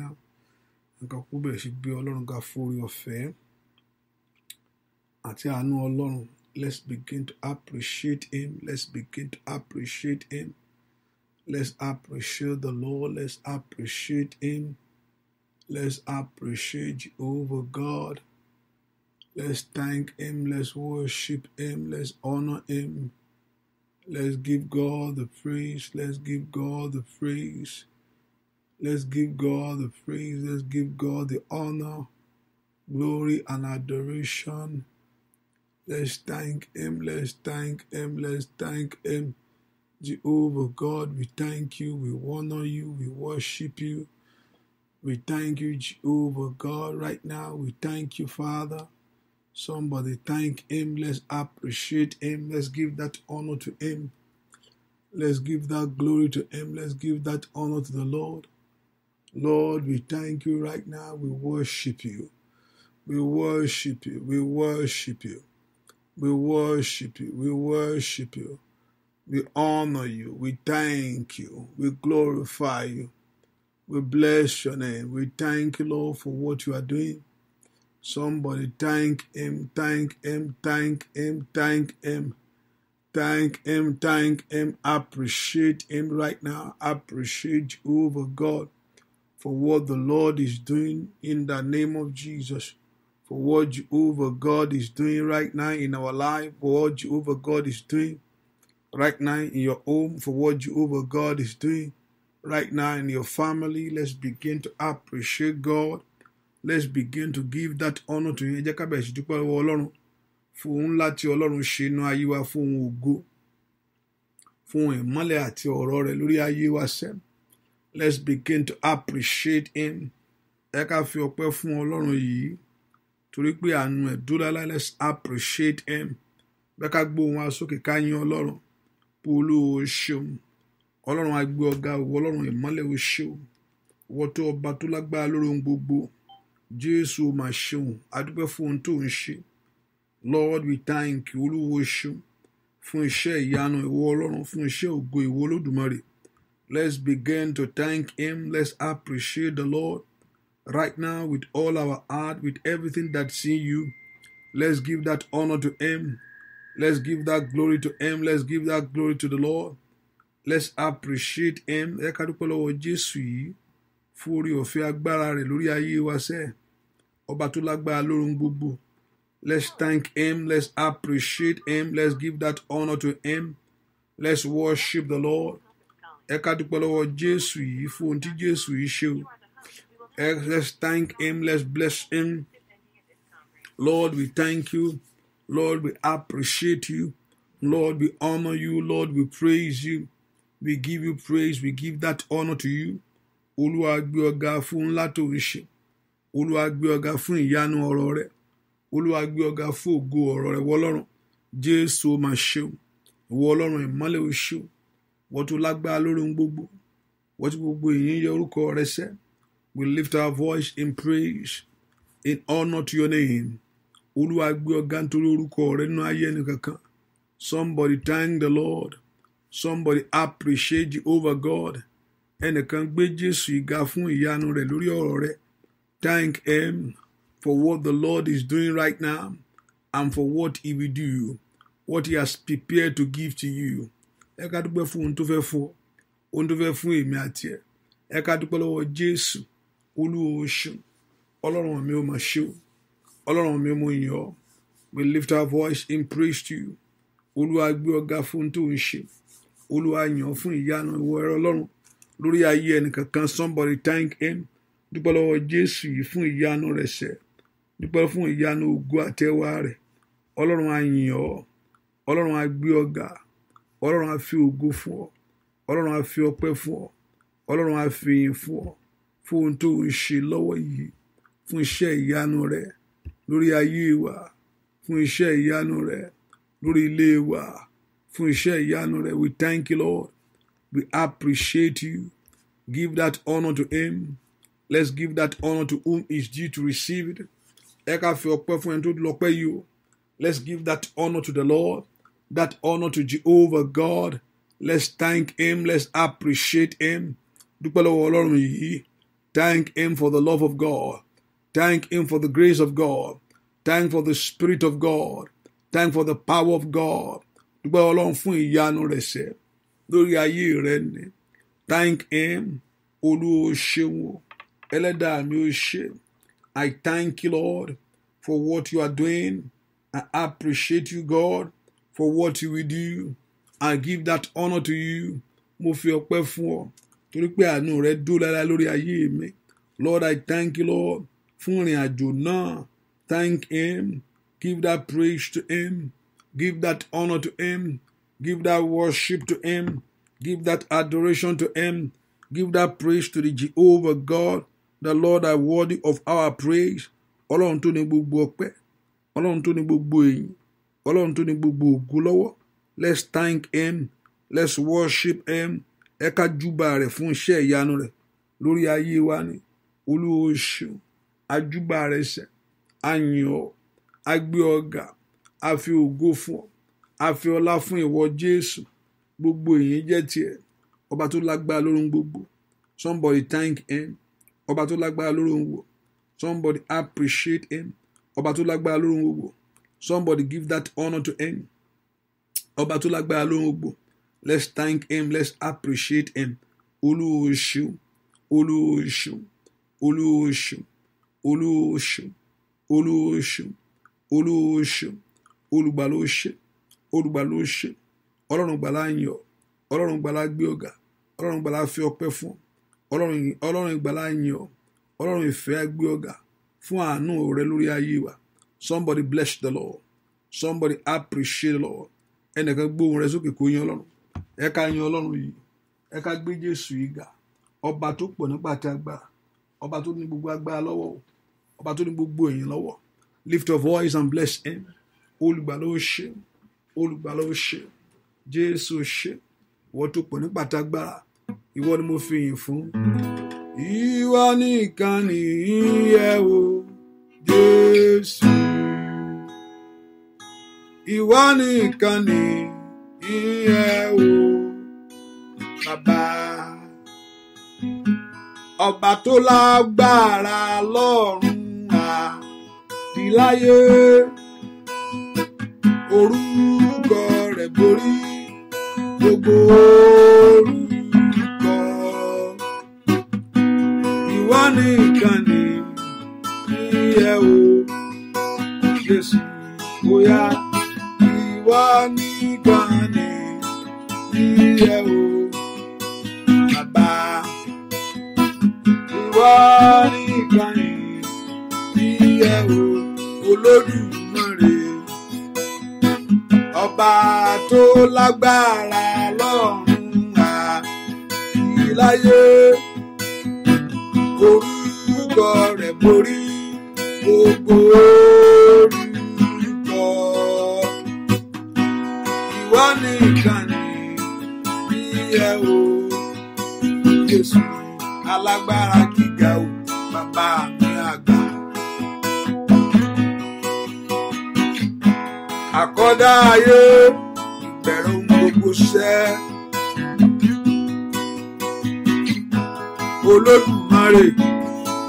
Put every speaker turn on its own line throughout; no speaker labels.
now nǹkan kó bẹ̀rẹ̀ sí gbé ọlọ́run ga fórí ọ̀fẹ́ àti àánú ọlọ́run let's begin to appreciate him let's begin to appreciate him let's appreciate the lord let's appreciate him let's appreciate jehovah god let's thank him let's worship him let's honor him let's give god the praise let's give god the praise. Let's give God the praise. Let's give God the honor, glory, and adoration. Let's thank Him. Let's thank Him. Let's thank Him. Jehovah God, we thank you. We honor you. We worship you. We thank you, Jehovah God, right now. We thank you, Father. Somebody thank Him. Let's appreciate Him. Let's give that honor to Him. Let's give that glory to Him. Let's give that honor to the Lord. Lord, we thank you right now. We worship you. We worship you. We worship you. We worship you. We worship you. We honor you. We thank you. We glorify you. We bless your name. We thank you, Lord, for what you are doing. Somebody thank him, thank him, thank him, thank him. Thank him, thank him. Appreciate him right now. Appreciate over God for what the Lord is doing in the name of Jesus, for what Jehovah God is doing right now in our life, for what Jehovah God is doing right now in your home, for what Jehovah God is doing right now in your family. Let's begin to appreciate God. Let's begin to give that honor to Him. fún ohun ńlá Ọlọ́run ṣe inú ayé wa fún ògo fún ìmọ́lẹ̀ àti ọ̀rọ̀ rẹ̀ lórí ayé wa let's begin to appreciate him ẹ ká fi ọpẹ́ fún ọlọ́run yìí torí pé àánú ẹ̀ dúrálá let's appreciate him bẹ́ẹ̀ ká gbóhùn asókè ká yìn ọlọ́run pé olówó ṣeun ọlọ́run agbé ọ̀gá òwò ọlọ́run ìmọ́lẹ̀ ó ṣeun wọ́n tó ọba tó lágbára lórí ohun gbogbo jésù ó máa ṣeun adúpẹ́ fún ohun tó ń ṣe lord we thank you olówó ṣeun fún iṣẹ́ ìyanu ìwọ ọlọ́run fún iṣẹ́ ògo ìwọ olódùmarè Let's begin to thank Him. Let's appreciate the Lord right now with all our heart, with everything that's in you. Let's give that honor to Him. Let's give that glory to Him. Let's give that glory to the Lord. Let's appreciate Him. lọ́wọ́ Jésù yìí agbára rẹ̀ lórí ayé wa Ọba tó lágbára lórun gbogbo. Let's thank Him. Let's appreciate Him. Let's give that honor to Him. Let's worship the Lord. ẹ ká dúpẹ́ lọ́wọ́ jésù yìí fún ohun tí jésù yìí ṣe o let's thank him let's bless him lord we thank you lord we appreciate you lord we honour you lord we praise you we give you praise we give that honour to you olúwa gbé ọ̀gá fún ńlá tó ń ṣe olúwa gbé ọ̀gá fún ìyanu ọ̀rọ̀ rẹ olúwa fún ògo ọ̀rọ̀ rẹ wọlọ́run jésù máa ṣeun ìwọ ìmọ́lẹ̀ ò ṣeun wọ́n tó lágbára lórí ohun gbogbo wọ́n tó gbogbo ìyìn yẹ orúkọ rẹ sẹ́ we lift our voice in praise in honour to your name olúwa gbé ọ̀gá nítorí orúkọ rẹ nínú ayé ẹni kankan somebody thank the lord somebody appreciate over god ẹnìkan gbé jésù ìga fún ìyanu rẹ lórí ọ̀rọ̀ rẹ thank him for what the lord is doing right now and for what he will do what he has prepared to give to you ẹ ká dúpẹ́ fún ohun tó fẹ́ fún ọ ohun tó fẹ́ fún èmi àti ẹ ẹ ká dúpẹ́ lọ́wọ́ Jésù Olúwa ọlọ́run mi ò mà ṣe o ọlọ́run mi mo yìn ọ́ we lift our voice in praise to you olúwa gbé ọ̀gá fún tó ń ṣe olúwa yàn fún ìyanu ìwọ ẹ̀rọ ọlọ́run lórí ayé ẹnìkankan somebody thank him dúpẹ́ lọ́wọ́ jésù yìí fún ìyanu rẹ̀ ṣẹ dúpẹ́ fún ìyanu ògo àtẹwà rẹ̀ ọlọ́run a yìn ọlọ́run a gbé ọlọ́run á fi ògo fún ọ ọlọ́run á fi ọpẹ́ fún ọ ọlọ́run á fi yìn fún ọ fún ohun tó ń ṣe lọ́wọ́ yìí fún iṣẹ́ ìyanu rẹ lórí ayé wa fún iṣẹ́ ìyanu rẹ lórí ilé wa fún iṣẹ́ ìyanu rẹ we thank you Lord we appreciate you give that honour to him let's give that honour to whom is due to receive it ẹ ká fi ọpẹ́ fún ẹni tó lọ́pẹ́ yìí o let's give that honour to the Lord. that honor to Jehovah God. Let's thank Him. Let's appreciate Him. Thank Him for the love of God. Thank Him for the grace of God. Thank for the Spirit of God. Thank for the power of God. Thank Him. I thank you, Lord, for what you are doing. I appreciate you, God. for what you will do. I give that honour to you. Mo fi ọpẹ́ fún ọ torí pé àánú rẹ dúró lára lórí ayé mi. Lord, I thank you, Lord, fún ìrìn àjò náà. Thank him. Give that praise to him. Give that honour to him. Give that worship to him. Give that adoration to him. Give that praise to the Jehovah God, the Lord I worthy of our praise. Ọlọ́run tó ní gbogbo ọpẹ́, Ọlọ́run tó ní gbogbo èyí ọlọ́run tó ní gbogbo ògo lọ́wọ́ let's thank him let's worship him ẹ ká júbà rẹ̀ fún iṣẹ́ ìyanu rẹ̀ lórí ayé wa ni olúwo ajúbà rẹ̀ ṣe àyàn agbé ọ̀gá a fi ògo fún ọ a fi ọlá fún ìwọ jésù gbogbo èyí jẹ́ tiẹ̀ ọba tó lágbára lórun gbogbo somebody thank him ọba tó lágbára lórun wò somebody appreciate him ọba tó lágbára lórun gbogbo Somebody give that honor to him. Ọba tó lágbára ló ń gbò. Let's thank him. Let's appreciate him. Olúwo ṣeun. Olúwo ṣeun. Olúwo ṣeun. Olúwo ṣeun. Ọlọ́run gbàlá yìn Ọlọ́run gbàlá gbé ọ̀gá. Ọlọ́run gbàlá fi ọpẹ́ fún Ọlọ́run ìgbàlá yìn Ọlọ́run ìfẹ́ gbé ọ̀gá fún àánú rẹ lórí ayé wa somebody bless the lord somebody appreciate the lord ẹnìkan gbóhùn rẹ sókè kó yan ọlọ́run ẹ yan ọlọ́run yìí ẹ gbé jésù yìí ga ọba tó pọ̀ nípa ti agbára ọba tó ní gbogbo agbára lọ́wọ́ ọba tó ní gbogbo èèyàn lọ́wọ́ lift your voice and bless him olùgbàlà ó ṣe olùgbàlà ó ṣe jésù ṣe ìwọ tó pọ̀ nípa ti agbára ìwọ ni mo fi yìn fún. ìwọ nìkan nìyẹn o jésù ìwọ nìkan ni ìyẹn o bàbá ọba tó lágbára lọ́run àdìláyé orúkọ rẹ̀ borí gbogbo orúkọ ìwọ nìkan ni ìyẹn o Jésù bóyá wá nìkan ní ilé o bàbá ìwọ nìkan ní ilé o olódùmarè ọba tó lágbára lọ́run àìláyé orúkọ rẹ̀ borí gbogbo. alágbára gíga o bàbá mi àgbà. àkọ́dá ayé ìbẹ̀rẹ̀ ohun gbogbo ṣẹ́. olódùmarè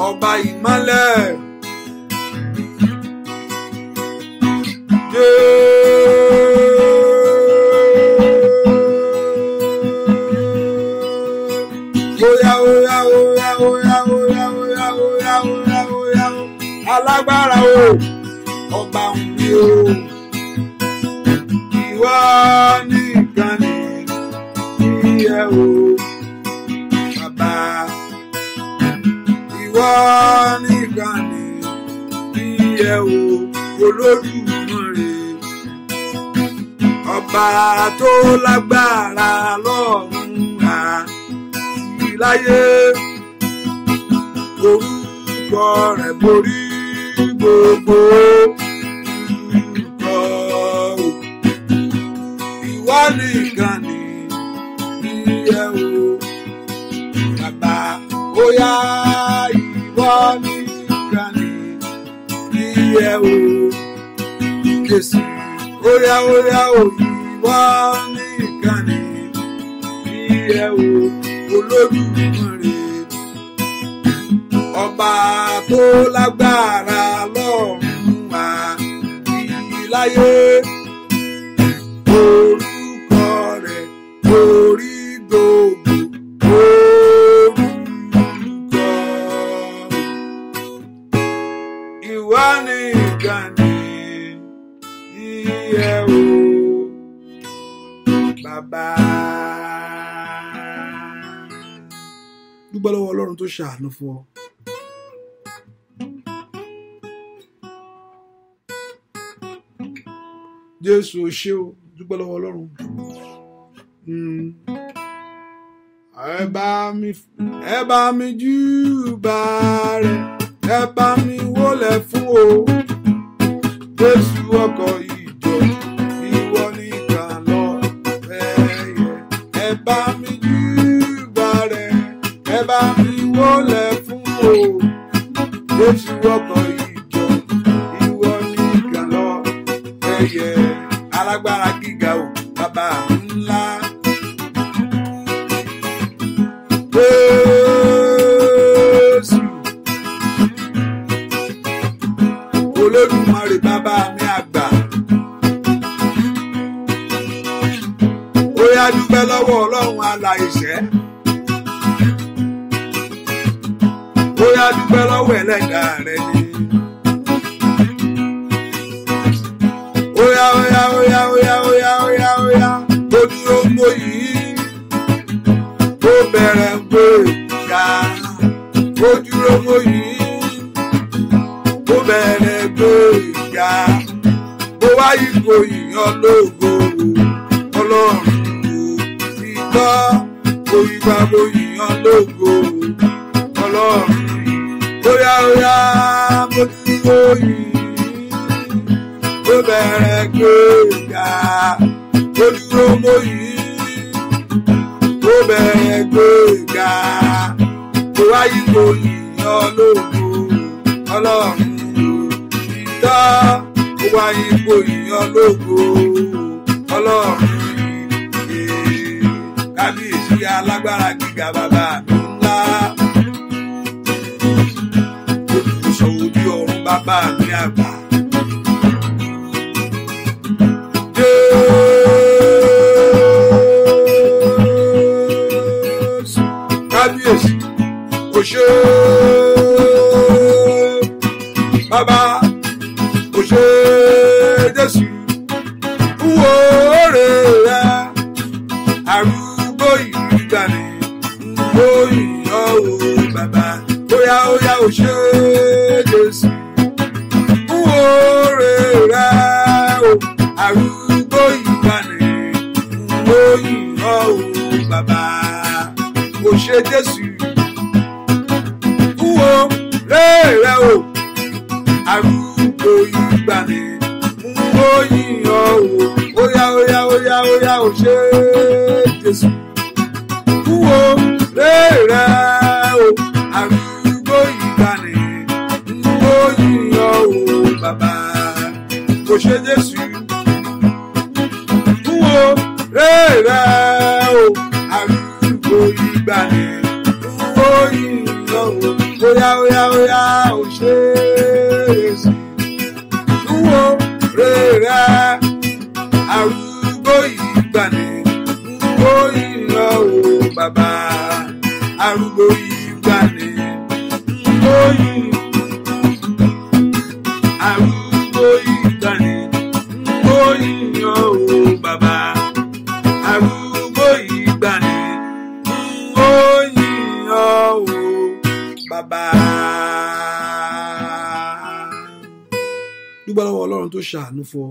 ọba ìmọ́lẹ̀. ọba ń o. Ìwọ nìkan ni ìyẹ o bàbá. Ìwọ nìkan ni ìyẹ o Olódùmarè. Ọba tó lágbára lọ́run àti láyé orúkọ rẹ̀ borí gbogbo ìkọ́ o ìwọ nìkan ni iye o bàbá bóyá ìwọ nìkan ni iye o Jésù bóyá bóyá o ìwọ nìkan ni iye o olódùmarè ọba tó lágbára lọ́run àti láyé orúkọ rẹ̀ orí gbogbo orúkọ ìwọ nìkan ni iye o bàbá. dúpẹ́ lọ́wọ́ ọlọ́run tó ṣàánú fún ọ. jésù o o dúpẹ́ lọ́wọ́ ọlọ́run hmm. ẹ bá mi ẹ bá mi júbà rẹ̀ ẹ bá mi wólẹ̀ fún o jésù ọkọ̀ ìjọ ìwọ nìkan lọ ẹ̀yẹ ẹ bá mi júbà rẹ̀ ẹ bá mi wólẹ̀ fún o jésù ọkọ̀ ìjọ. ọlọ́run dá wá ipò ìyàn lógo ọlọ́run yìí kábíyèsí alágbára gíga bàbá mi ńlá olùsọ ojú ọ̀run bàbá mi àgbà. ọlọ́run tó ṣàánú fọ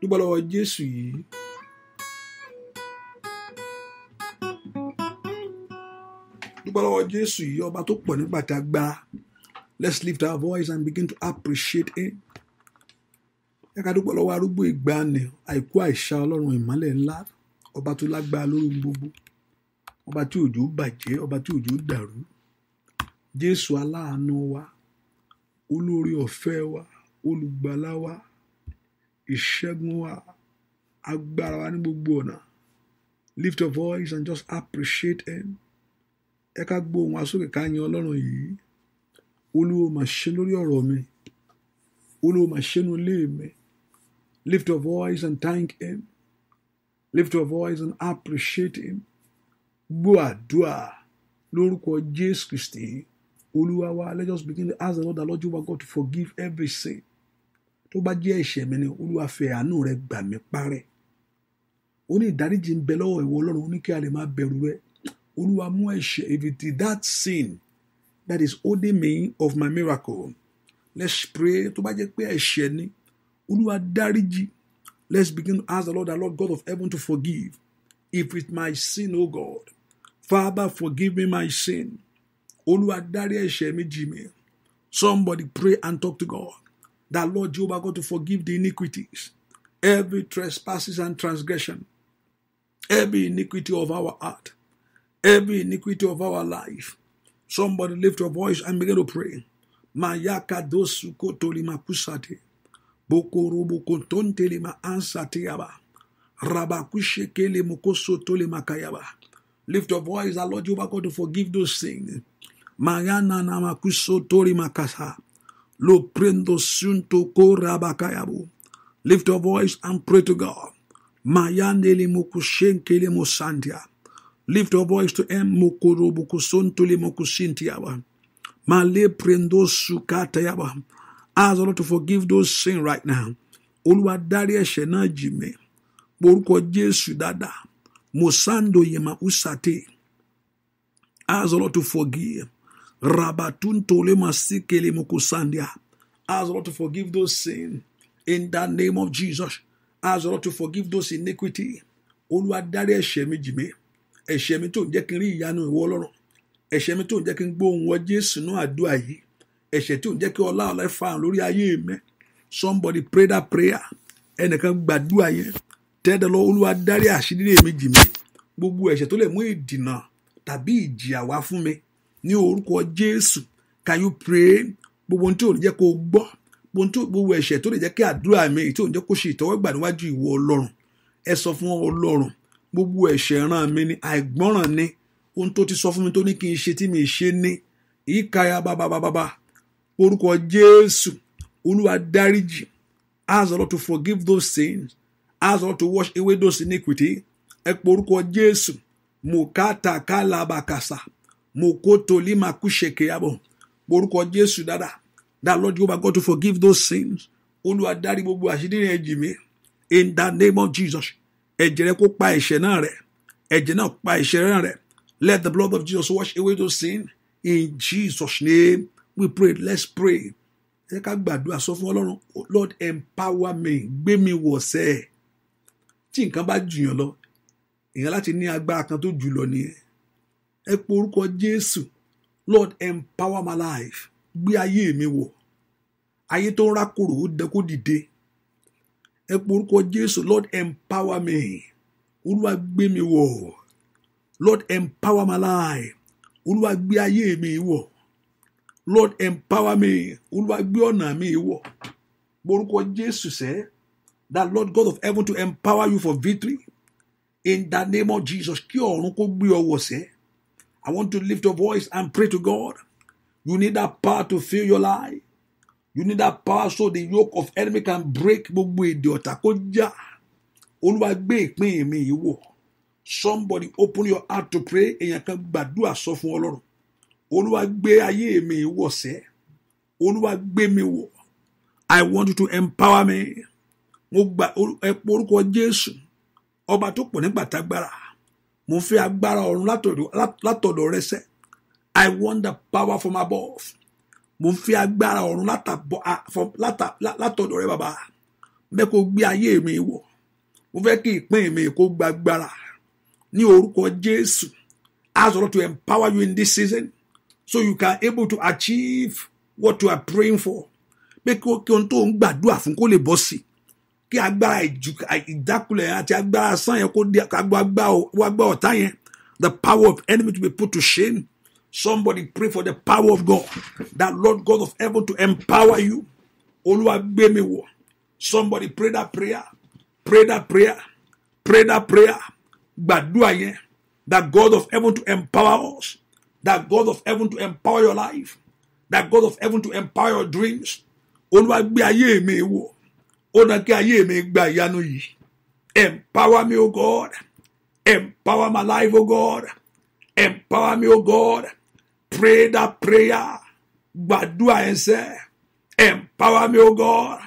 dúpẹ́ lọ́wọ́ jésù yìí. dúpẹ́ lọ́wọ́ jésù yìí ọba tó pọ̀ nígbà tá a gbá let's lift our voice and begin to appreciate him. ẹ dúpẹ́ lọ́wọ́ arúgbó ìgbàanì àìkú àìsà ọlọ́run ìmọ́lẹ̀ ńlá ọba tó lágbára lórí gbogbo ọba tí òjò bàjẹ́ ọba tí òjò dàrú jésù aláàánú wa olórí ọ̀fẹ́ wa olùgbàlà wa ìṣẹ́gun wa agbára wa ní gbogbo ọ̀nà lift your voice and just appreciate him ẹ ká gbóhùn wa sókè ká yan ọlọ́run yìí olúwo mà ṣe lórí ọ̀rọ̀ mi olúwo mà ṣe nu ilé mi lift your voice and thank him lift your voice and appreciate him gbọ́ àdúrà lórúkọ Jésù Kristi olúwa let us begin to ask the lord the lord jehovah god to forgive every sin tó bá jẹ́ ẹ̀ṣẹ̀ mi ni olúwa fẹ́ àánú rẹ gbà mí parẹ́ ó ní ìdáríjì ń bẹ lọ́wọ́ ìwọ ọlọ́run ó ní kí a lè máa bẹ̀rù rẹ olúwa mú ẹ̀ṣẹ̀ if it is that sin that is holding me of my miracle let's pray tó bá jẹ́ pé ẹ̀ṣẹ̀ ni olúwa dáríjì let's begin to ask the lord the lord god of heaven to forgive if it's my sin o oh god father forgive me my sin. Olúwa dárí ẹ̀ṣẹ̀ Somebody pray and talk to God. That Lord Jehovah God to forgive the iniquities, every trespasses and transgression, every iniquity of our heart, every iniquity of our life. Somebody lift your voice and begin to pray. Mayaka dosuko tolima kusate. Bokoro bokonton telima ansate yaba. Rabakushe kele mokoso tolima kayaba. Lift your voice, our Lord Jehovah God to forgive those things Mayana namakuso tori makasa. Lo prendo sunto ko rabakayabu. Lift your voice and pray to God. Mayane le mokushenke le mosandia. Lift your voice to em mokorobukusonto le mokushintiaba. Male prendo sukata yaba. Ask the Lord to forgive those sin right now. Olúwa dárí ẹ̀ṣẹ̀ náà jì mí. Orúkọ Jésù Mosando yema usate. Ask the Lord to forgive. Rabatunto lemasikele mokusandia. Ask Lord to forgive those sin in the name of Jesus. Ask Lord to forgive those iniquity. Olúwa dárí ẹ̀ṣẹ̀ mi jì mí. Ẹ̀ṣẹ̀ mi tó ń jẹ́ kí n rí ìyanu ìwọ Ọlọ́run. Ẹ̀ṣẹ̀ mi tó ń jẹ́ kí n gbóhùn ọ Jésù ní àdúrà yìí. Ẹ̀ṣẹ̀ tó ń jẹ́ kí ọlá ọlá fa hàn lórí ayé mi. Somebody pray that prayer. Ẹnìkan gbàdúrà yẹn. Tẹ́lẹ̀ lọ Olúwa dárí àṣírí mi jì mí. Gbogbo ẹ̀ṣẹ̀ tó lè mú ìdìnà tàbí ìjìyà wá fún mi ní orúkọ jésù can you pray gbogbo ohun tí ò ní jẹ́ kó o gbọ́ gbogbo ẹ̀ṣẹ̀ tó lè jẹ́ kí àdúrà mi èyí tí ò ní jẹ́ kó ṣe ìtọ́wọ́gbà níwájú ìwọ ọlọ́run ẹ sọ fún ọlọ́run gbogbo ẹ̀ṣẹ̀ ràn mí ni àìgbọ́ràn ni ohun tó ti sọ fún mi tó ní kí n ṣe tí mi ṣe ní ìkàyà bàbàbàbà orúkọ jésù olúwa dáríjì ask the Lord to forgive those sins ask the Lord to wash away those iniquity ẹ pé orúkọ jésù mùkátàkálàbàkàsà Mokoto lima kushekeabo. Orúkọ Jésù dada That Lord Jehovah God to forgive those sins. Olúwa dárí gbogbo àṣírí rẹ̀ jì In the name of Jesus. Ẹ̀jẹ̀ rẹ̀ kó pa ẹ̀ṣẹ̀ náà rẹ̀. Ẹ̀jẹ̀ náà pa ẹ̀ṣẹ̀ náà rẹ̀. Let the blood of Jesus wash away those sins. In Jesus' name we pray. Let's pray. Ẹ ká gbàdúrà sọ fún Ọlọ́run. Oh Lord empower me. Gbé mi wọ̀ sẹ́ẹ̀. Tí nǹkan bá jùyàn lọ, èèyàn láti ní agbára kan tó jù lọ nìyẹn ẹ pe orúkọ jésù lord empower my life gbé ayé mi wọ̀ ayé tó ń rákòrò ó dẹ kó dìde ẹ pe orúkọ jésù lord empower me olúwa gbé mi wọ̀ lord empower my life olúwa gbé ayé mi wọ̀ lord empower me olúwa gbé ọ̀nà mi wọ̀ borúkọ jésù sẹ́ that lord god of heaven to empower you for victory in the name of jesus kí ọ̀run kó gbé ọ wọ̀ sẹ́ I want to lift your voice and pray to God. You need that power to fill your life. You need that power so the yoke of enemy can break gbogbo èdè ọ̀tá kó já. Olúwa gbé Somebody open your heart to pray. and kan gbàdúrà sọ fún Ọlọ́run. Olúwa gbé ayé mi yìí wọ̀ sẹ́. Olúwa gbé I want you to empower me. Mo gba orúkọ Jésù. Ọba tó pọ̀ mo fẹ́ agbára ọ̀run látọ̀dọ̀ rẹ sẹ́ i want the power from above mo fẹ́ agbára ọ̀run látọ̀dọ̀ rẹ bàbá bẹ́ẹ̀ kó gbé ayé mi wọ̀ mo fẹ́ kí ìpín mi kó gba agbára ní orúkọ jésù I God to empower you in this season so you can able to achieve what you are praying for pé kí ohun tó ń gbàdúrà fún kó lè bọ́ sí i kí agbára ìdákulẹ̀ àti agbára asán yẹn kó di ọ̀tá yẹn the power of enemy to be put to shame somebody pray for the power of God that Lord God of heaven to empower you Olúwa gbé somebody pray that prayer pray that prayer pray that prayer gbàdúrà yẹn that God of heaven to empower us that God of heaven to empower your life that God of heaven to empower your dreams Olúwa gbé ayé mi wọ̀ ó na kí ayé mi gba ìyanu yìí empower me o oh God empower my life o oh God empower me o oh God pray that prayer gbàdúrà ẹsẹ̀ empower me o God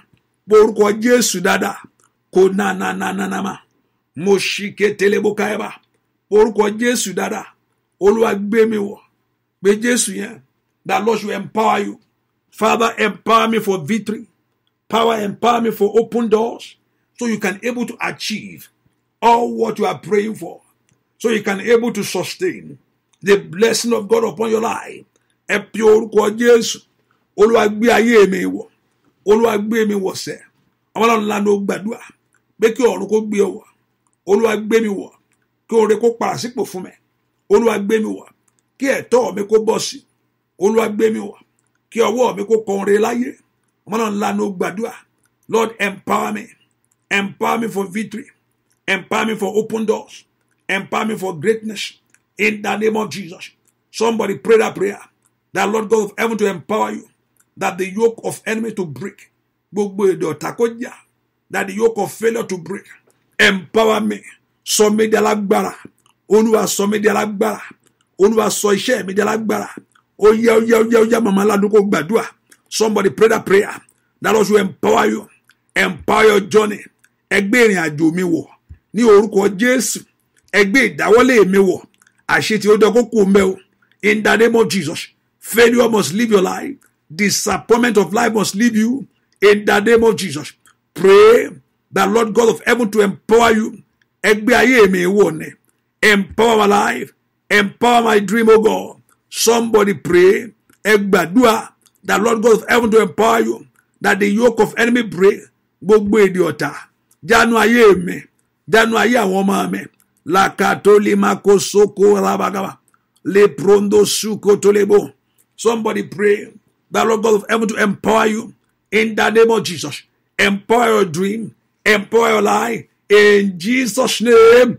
orúkọ Jésù dáadáa kò nananananama mo ṣì ké teleboka ẹ bá orúkọ Jésù dáadáa olúwa gbé mi wọ̀ gbé Jésù yẹn that Lord should empower you Father empower me for victory Power empower me for open doors so you can able to achieve all what you are praying for. So you can able to sustain the blessing of God upon your life. Ẹ pe orúkọ Jésù, Olúwa gbé ayé mi wọ̀, Olúwa gbé mi wọ̀ sẹ̀, ọmọláwọn ńlá ló gbàdúrà pé kí ọ̀run kó gbé wọ̀, Olúwa gbé mi wọ̀, kí oore kó para sípò fún mi, Olúwa gbé mi wọ̀, kí ẹ̀tọ́ mi kó bọ̀ sí, Olúwa gbé mi wọ̀, kí ọwọ́ mi kó kọ láyé ọmọlọ́run ńlá ló gbàdúrà lord empower me empower me for victory empower me for open doors empower me for greatness in the name of jesus somebody pray that prayer that lord god of heaven to empower you that the yoke of enemy to break gbogbo èdè ọ̀tá kó jà that the yoke of failure to break empower me sọ mí di alágbára olúwa sọ mí di alágbára olúwa sọ iṣẹ́ mi di alágbára ó yá ó yá ó yá ó yá màmá aládùn gbàdúrà somebody pray that prayer that also empower you empower your journey ẹgbẹ́ ìrìn àjò mi wọ̀ ní orúkọ jésù ẹgbẹ́ ìdáwọ́lé mi wọ̀ àṣetì ó dọ́kọ́ kò mẹ́ in the name of jesus failure must leave your life disappointment of life must leave you in the name of jesus pray that lord god of heaven to empower you ẹgbẹ́ ayé mi wọ̀ ni empower my life empower my dream o oh god somebody pray ẹgbàdúrà that Lord God of heaven to empower you that the yoke of enemy break gbogbo èdè ọ̀tá jánu ayé mi jánu ayé àwọn ọmọ mi làkàtólímàkó sóko rabagaba lè prondo suko tólébó somebody pray that Lord God of heaven to empower you in the name of Jesus empower your dream empower your life in Jesus name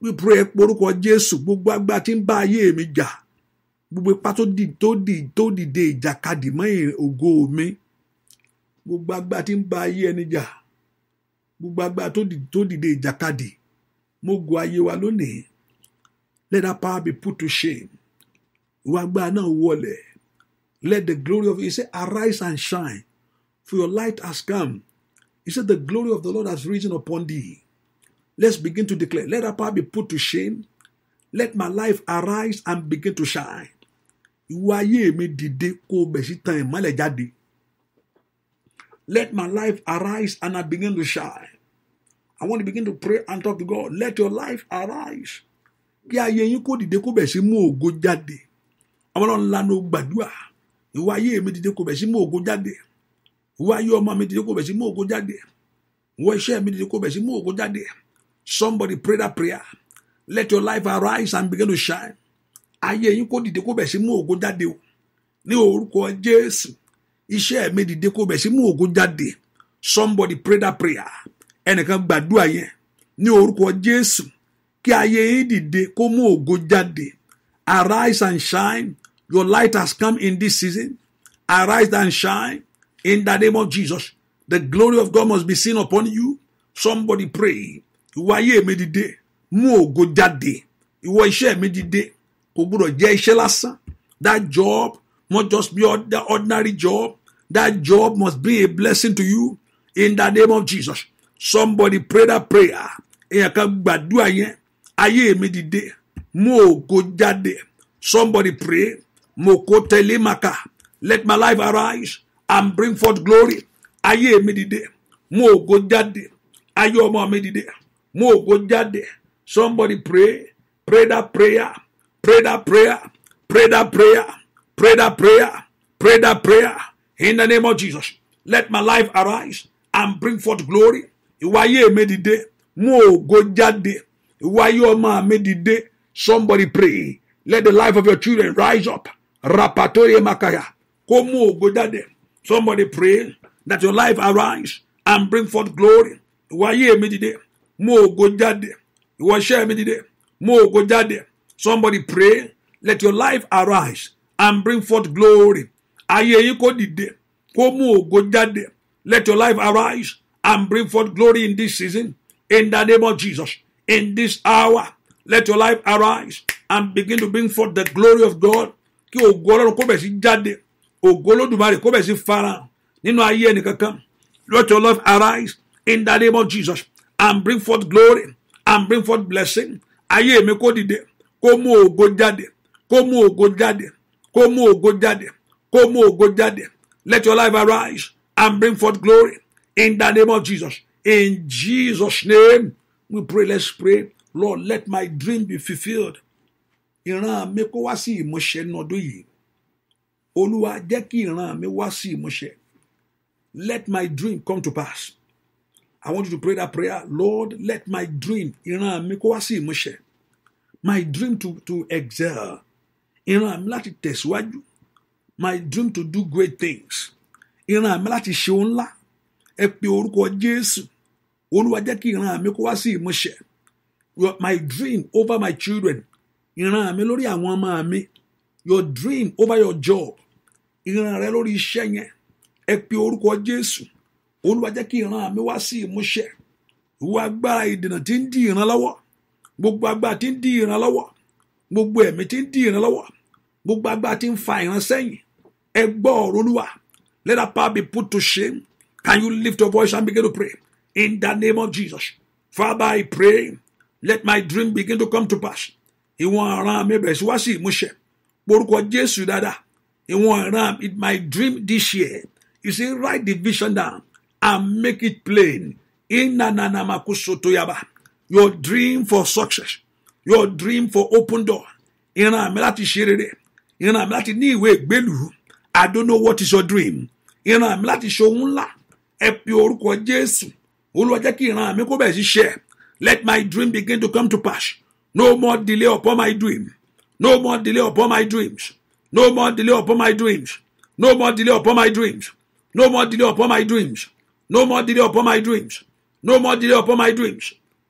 we pray orúkọ Jésù gbogbo agbá tí ń bá ayé mi jà gbogbo ipá tó dì tó dì tó dìde ìjàkadì mọ́ ògo mi gbogbo agbá tí ń ba ayé ẹni jà gbogbo agbá tó dìde ìjàkadì mo go ayé wa lónìí let that power be put to shame ìwà agbá náà wọlẹ̀ let the glory of he say arise and shine for your light has come he said the glory of the Lord has risen upon thee let's begin to declare let that power be put to shame let my life arise and begin to shine ìwọ ayé mi dìde kó o tan ìmọ́lẹ̀ jáde let my life arise and I begin to shine I want to begin to pray and talk to God let your life arise kí ayé yín kó dìde kó bẹ̀ mú ògo jáde àwọn ọlọ́run lanu gbàdúrà ìwọ ayé mi dìde kó bẹ̀ mú ògo jáde ìwọ ayé ọmọ mi dìde kó bẹ̀ mú ògo jáde ìwọ iṣẹ́ mi dìde kó bẹ̀ mú ògo jáde somebody pray that prayer let your life arise and begin to shine ayé yín kó dìde kó bẹ̀ sí mú ògo jáde o ní orúkọ jésù iṣẹ́ mi dìde kó bẹ̀ sí mú ògo jáde somebody pray that prayer ẹnìkan gbàdúrà yẹn ní orúkọ jésù kí ayé yín dìde kó mú ògo jáde arise and shine your light has come in this season arise and shine in the name of jesus the glory of god must be seen upon you somebody pray ìwọ ayé mi dìde mú ògo jáde ìwọ iṣẹ́ mi dìde kò gbúdọ̀ jẹ́ iṣẹ́ lásán that job must just be that ordinary job that job must be a blessing to you in the name of Jesus somebody pray that prayer èèyàn kan gbàdúrà yẹn ayé mi dìde mú ògo jáde somebody pray mo kó tẹ̀lé màkà let my life arise and bring forth glory ayé mi dìde mú ògo jáde ayé ọmọ mi dìde mú ògo jáde somebody pray pray that prayer. Pray that prayer. Pray that prayer. Pray that prayer. Pray that prayer. In the name of Jesus. Let my life arise and bring forth glory. Iwaye me dide. Mo go jade. Somebody pray. Let the life of your children rise up. Rapatoye makaya. Komo go Somebody pray that your life arise and bring forth glory. Why me dide. Mo go jade. Iwaye me dide. Mo go jade. Somebody pray, let your life arise and bring forth glory. Ayé yín kó dìde, kó mú ògo jáde. Let your life arise and bring forth glory in this season. In the name of Jesus, in this hour, let your life arise and begin to bring forth the glory of God. Kí ògo Ọlọ́run kó bẹ̀ sí jáde, ògo Olódùmarè kó bẹ̀ sí farahàn nínú ayé ẹnìkankan. Let your life arise in the name of Jesus and bring forth glory and bring forth blessing. Ayé mi kó dìde kó mú ògo jáde kó mú ògo jáde kó mú ògo jáde kó mú ògo jáde let your life arise and bring forth glory in the name of Jesus in Jesus name we pray let's pray Lord let my dream be fulfilled ìran mi kó wá sí ìmúṣẹ ní ọdún yìí Olúwa jẹ́ kí ìran mi wá sí ìmúṣẹ let my dream come to pass I want you to pray that prayer Lord let my dream ìran mi kó wá sí ìmúṣẹ my dream to to excel ìran àmì láti tẹ̀síwájú my dream to do great things ìran àmì láti ṣe ohun ńlá ẹ pe orúkọ Jésù Olúwa jẹ́ kí ìran àmì kó wá sí ìmúṣẹ my dream over my children ìran àmì lórí àwọn ọmọ mi your dream over your job ìran rẹ lórí iṣẹ́ yẹn ẹ pe orúkọ Jésù Olúwa jẹ́ kí ìran àmì wá sí ìmúṣẹ ìwọ agbára ìdènà tí ń dí ìran lọ́wọ́ gbogbo agbára tí ń dí ìran lọ́wọ́ gbogbo ẹ̀mí tí ń dí ìran lọ́wọ́ gbogbo agbára tí ń fa ìran sẹ́yìn ẹ gbọ́ ọ̀rọ̀ olúwa let that power be put to shame can you lift your voice and begin to pray in the name of Jesus father I pray let my dream begin to come to pass ìwọ̀n ọ̀ràn mi bẹ̀rẹ̀ sí wá sí ìmúṣẹ orúkọ Jésù dáadáa ìwọ̀n ọ̀ràn my dream this year you see write the vision down and make it plain ìnànàmàkúso tó yaba your dream for success your dream for open door ìran mi láti ṣe rere ìran mi láti ní ìwé ìgbélùú I don't know what is your dream ìran mi láti ṣe ohun ńlá ẹ pe orúkọ Jésù Olúwa jẹ́ kí ìran mi kó bẹ̀rẹ̀ sí ṣe let my dream begin to come to pass no more delay upon my dream no more delay upon my dreams no more delay upon my dreams no more delay upon my dreams no more delay upon my dreams no more delay upon my dreams no more delay upon my dreams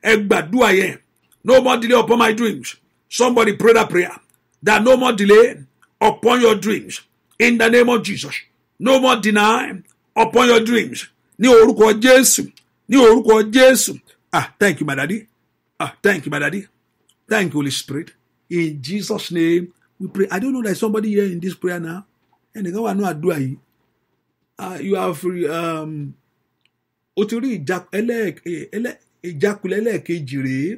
ẹ gbàdúrà yẹn no more delay upon my dreams somebody pray that prayer that no more delay upon your dreams in the name of jesus no more deny upon your dreams ní orúkọ jésù ní orúkọ jésù ah thank you my daddy ah thank you my daddy thank you holy spirit in jesus name we pray i don't know that somebody here in this prayer now ẹnìkan wà ní àdúrà yìí ah, you have um, o ti rí ìjà eh, ẹlẹ́ ìjákulẹ̀ lẹ́ẹ̀kejì rèé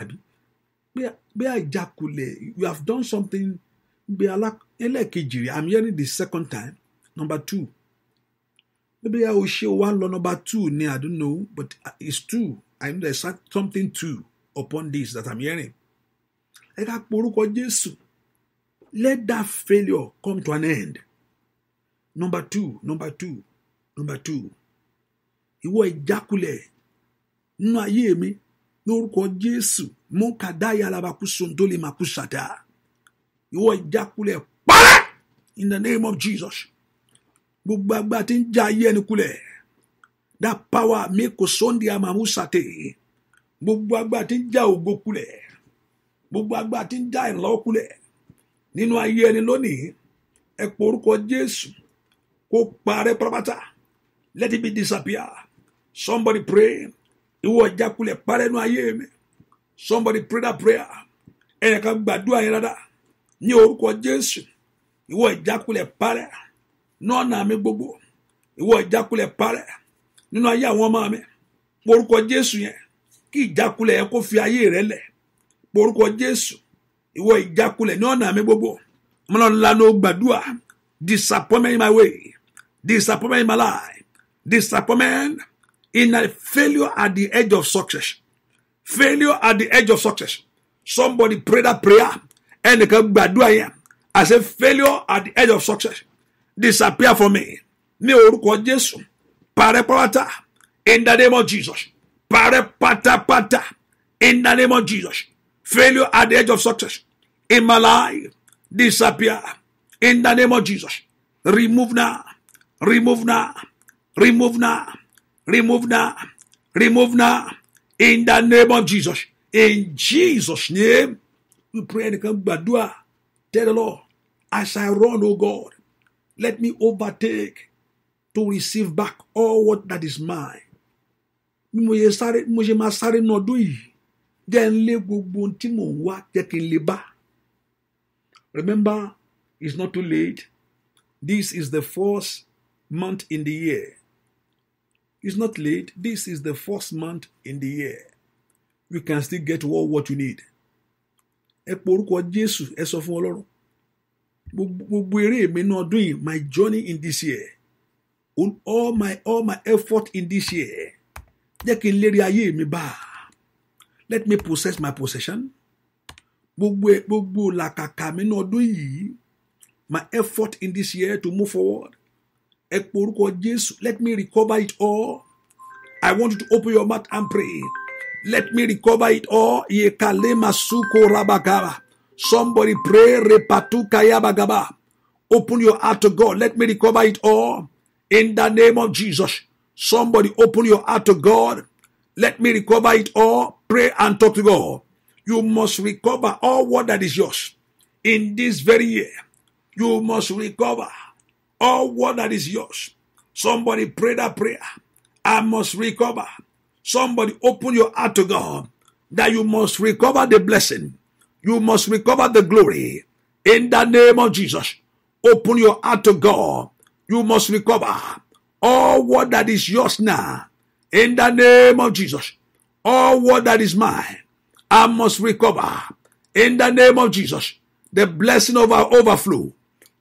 àbí bí àjákulẹ̀ you have done something bí ẹlẹ́ẹ̀kejì rèé i'm hearing the second time number two maybe o ṣe wa lọ number two ni i don't know but it's two i know there's something two upon this that i'm hearing ẹ ká porúkọ jésù let that failure come to an end number two number two number two ìwọ ìjákulẹ̀ nínú ayé mi lórúkọ Jésù mú kàdáyà alábàkú sọ̀ndólè màkú sàdá ìwọ ìjákulẹ̀ parẹ́ in the name of Jesus gbogbo agbá tí ń já ayé ẹni kulẹ̀ that power mi kò sọ́ndì àmàmú sàtẹ̀ gbogbo agbá tí ń já ògo kulẹ̀ gbogbo agbá tí ń já ìrànlọ́wọ́ kulẹ̀ nínú ayé ẹni lónìí ẹ orúkọ Jésù kó parẹ́ pátápátá let it be disappear. Somebody pray. Ìwọ ìjákulẹ̀ parẹ́ nu ayé mi. Somebody pray that prayer. Ẹnìkan gbàdúrà yẹn dáadáa. Ní orúkọ Jésù. Ìwọ ìjákulẹ̀ parẹ́. Ní ọ̀nà mi gbogbo. Ìwọ ìjákulẹ̀ parẹ́. Nínú ayé àwọn ọmọ mi. Porúkọ Jésù yẹn. Kí ìjákulẹ̀ yẹn kó fi ayé rẹ lẹ̀. Porúkọ Jésù. Ìwọ ìjákulẹ̀ ní ọ̀nà mi gbogbo. Ọmọlọ́nla ló gbàdúrà. Disappointment in my way. Disappointment in my life. Disappointment in a failure at the edge of success failure at the edge of success somebody pray that prayer and ẹnìkan gbàdúrà do I am. say failure at the edge of success disappear for me ní orúkọ Jésù parẹ́ pata, in the name of Jesus pata pata, in the name of Jesus failure at the edge of success in my life disappear in the name of Jesus remove now remove now remove now Remove now. Remove now. In the name of Jesus. In Jesus' name, we pray and come Badua. Tell the Lord, as I run, O God, let me overtake to receive back all what that is mine. Mo ṣe sáré mo ṣe máa sáré náà dún yìí. Jẹ́ ń lé gbogbo ohun tí mò wá jẹ́ kí n lè bá. Remember, it's not too late. This is the fourth month in the year. It's not late. This is the first month in the year. You can still get all what you need. Ẹ pe orúkọ Jésù ẹ sọ fún Ọlọ́run. Gbogbo eré mi ní ọdún yìí, my journey in this year, all my all my effort in this year, jẹ́ kí n lérí ayé mi bá. Let me possess my possession. Gbogbo gbogbo làkàkà mi ní ọdún yìí, my effort in this year to move forward. let me recover it all I want you to open your mouth and pray let me recover it all rabagaba somebody pray open your heart to God let me recover it all in the name of Jesus somebody open your heart to God let me recover it all pray and talk to God you must recover all what that is yours in this very year you must recover all what that is yours. Somebody pray that prayer. I must recover. Somebody open your heart to God that you must recover the blessing. You must recover the glory. In the name of Jesus, open your heart to God. You must recover all what that is yours now. In the name of Jesus, all what that is mine, I must recover. In the name of Jesus, the blessing of our overflow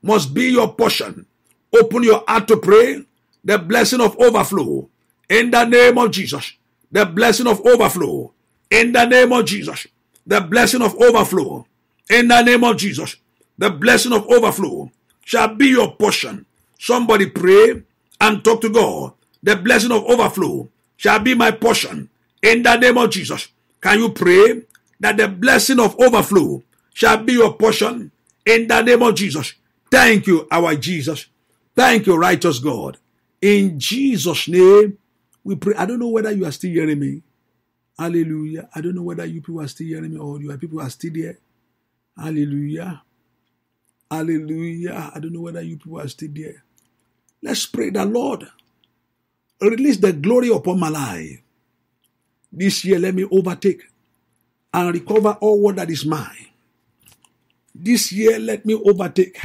must be your portion. Open your heart to pray. The blessing of overflow. In the name of Jesus. The blessing of overflow. In the name of Jesus. The blessing of overflow. In the name of Jesus. The blessing of overflow shall be your portion. Somebody pray and talk to God. The blessing of overflow shall be my portion. In the name of Jesus. Can you pray that the blessing of overflow shall be your portion? In the name of Jesus. Thank you, our Jesus. Thank you, righteous God. In Jesus' name, we pray. I don't know whether you are still hearing me. Hallelujah. I don't know whether you people are still hearing me or you are people are still there. Hallelujah. Hallelujah. I don't know whether you people are still there. Let's pray the Lord. Release the glory upon my life. This year, let me overtake and recover all what that is mine. This year, let me overtake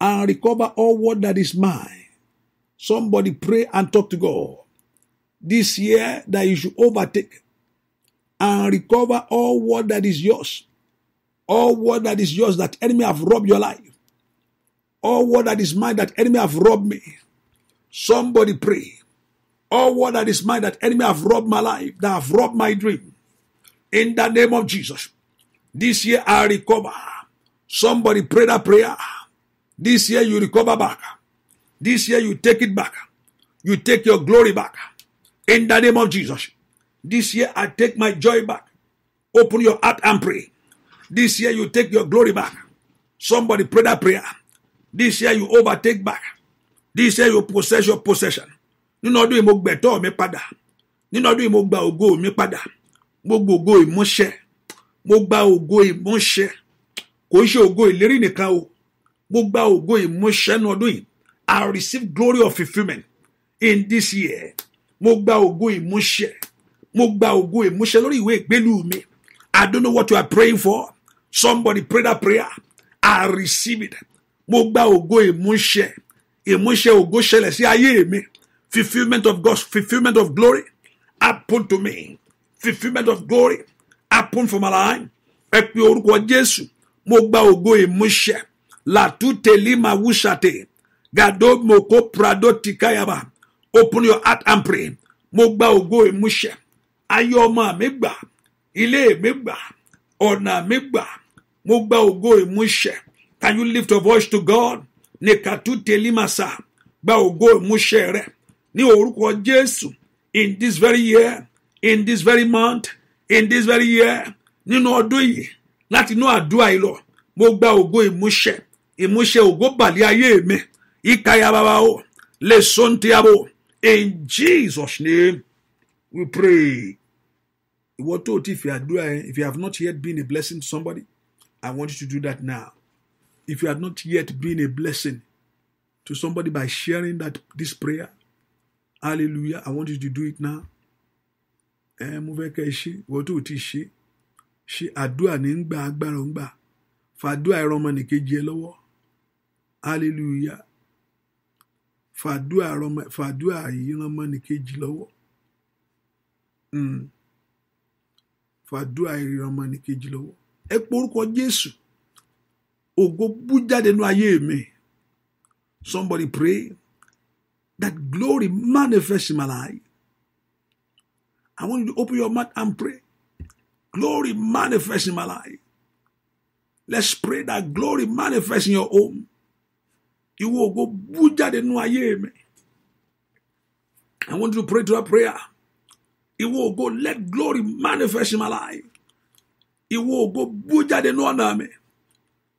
and recover all what that is mine. Somebody pray and talk to God. This year that you should overtake and recover all what that is yours. All what that is yours that enemy have robbed your life. All what that is mine that enemy have robbed me. Somebody pray. All what that is mine that enemy have robbed my life, that have robbed my dream. In the name of Jesus. This year I recover. Somebody pray that prayer. This year you recover back. This year you take it back. You take your glory back. In the name of Jesus. This year I take my joy back. Open your heart and pray. This year you take your glory back. Somebody pray that prayer. This year you overtake back. This year you possess your possession. You not yìí mo gbẹ̀tọ́ me padà. You not yìí mo gba me mi padà. Mo imoshe. ìmúṣẹ. Mo imoshe. ògo ìmúṣẹ. Kò ń ṣe o mo gba ògo ìmúṣẹ ní ọdún yìí i receive glory of fulfilment in this year mo gba ògo ìmúṣẹ mo gba ògo ìmúṣẹ lórí ìwé ìgbélú mi i don't know what you are praying for somebody pray that prayer i receive it mo gba ògo ìmúṣẹ ìmúṣẹ ògo ṣẹlẹ̀ sí ayé mi fulfilment of God fulfilment of glory happen to me fulfilment of glory happen for my life ẹ pe orúkọ Jésù mo gba ògo ìmúṣẹ La tutelima wushate. Gado moko prado tikayaba. Open your heart and pray. Mo gba ògo ìmúṣẹ. Ayé ọmọ mi gbà. Ilé mi gbà. Ọ̀nà mi gbà. Mo gba ògo ìmúṣẹ. Can you lift your voice to God? Nekatu telimasa. Gba ògo ìmúṣẹ rẹ. Ní orúkọ Jésù. In this very year. In this very month. In this very year. Nínú ọdún yìí. Láti inú àdúrà yìí lọ. Mo gba ògo ìmúṣẹ ìmúṣẹ ògo bàlẹ́ ayé mi ìkàyàbàbà o lè sọ́ntìyàbò in Jesus name we pray. ìwọ tó o ti fi àdúrà yẹn if you have not yet been a blessing to somebody I want you to do that now if you have not yet been a blessing to somebody by sharing that this prayer hallelujah I want you to do it now ẹ mo fẹ́ kẹ́ ẹ ṣe ìwọ tó ti ṣe ṣe àdúrà ní ń gba agbára ń gbà fàdúrà ẹ̀rọ ọmọ ẹ lọ́wọ́ hallelujah fàdúà rọmọ fàdúà yìí rọmọ nìkejì lọ́wọ́ hmm. fàdúà yìí rọmọ nìkejì lọ́wọ́ ẹ pé orúkọ Jésù ògo bú jáde nú ayé mi somebody pray that glory manifest in my life I want you to open your mouth and pray glory manifest in my life let's pray that glory manifest in your home ìwọ ògo bú jáde nínú ayé mi I want you to pray to that prayer ìwọ ògo let glory manifest in my life ìwọ ògo bú jáde nínú ọ̀nà mi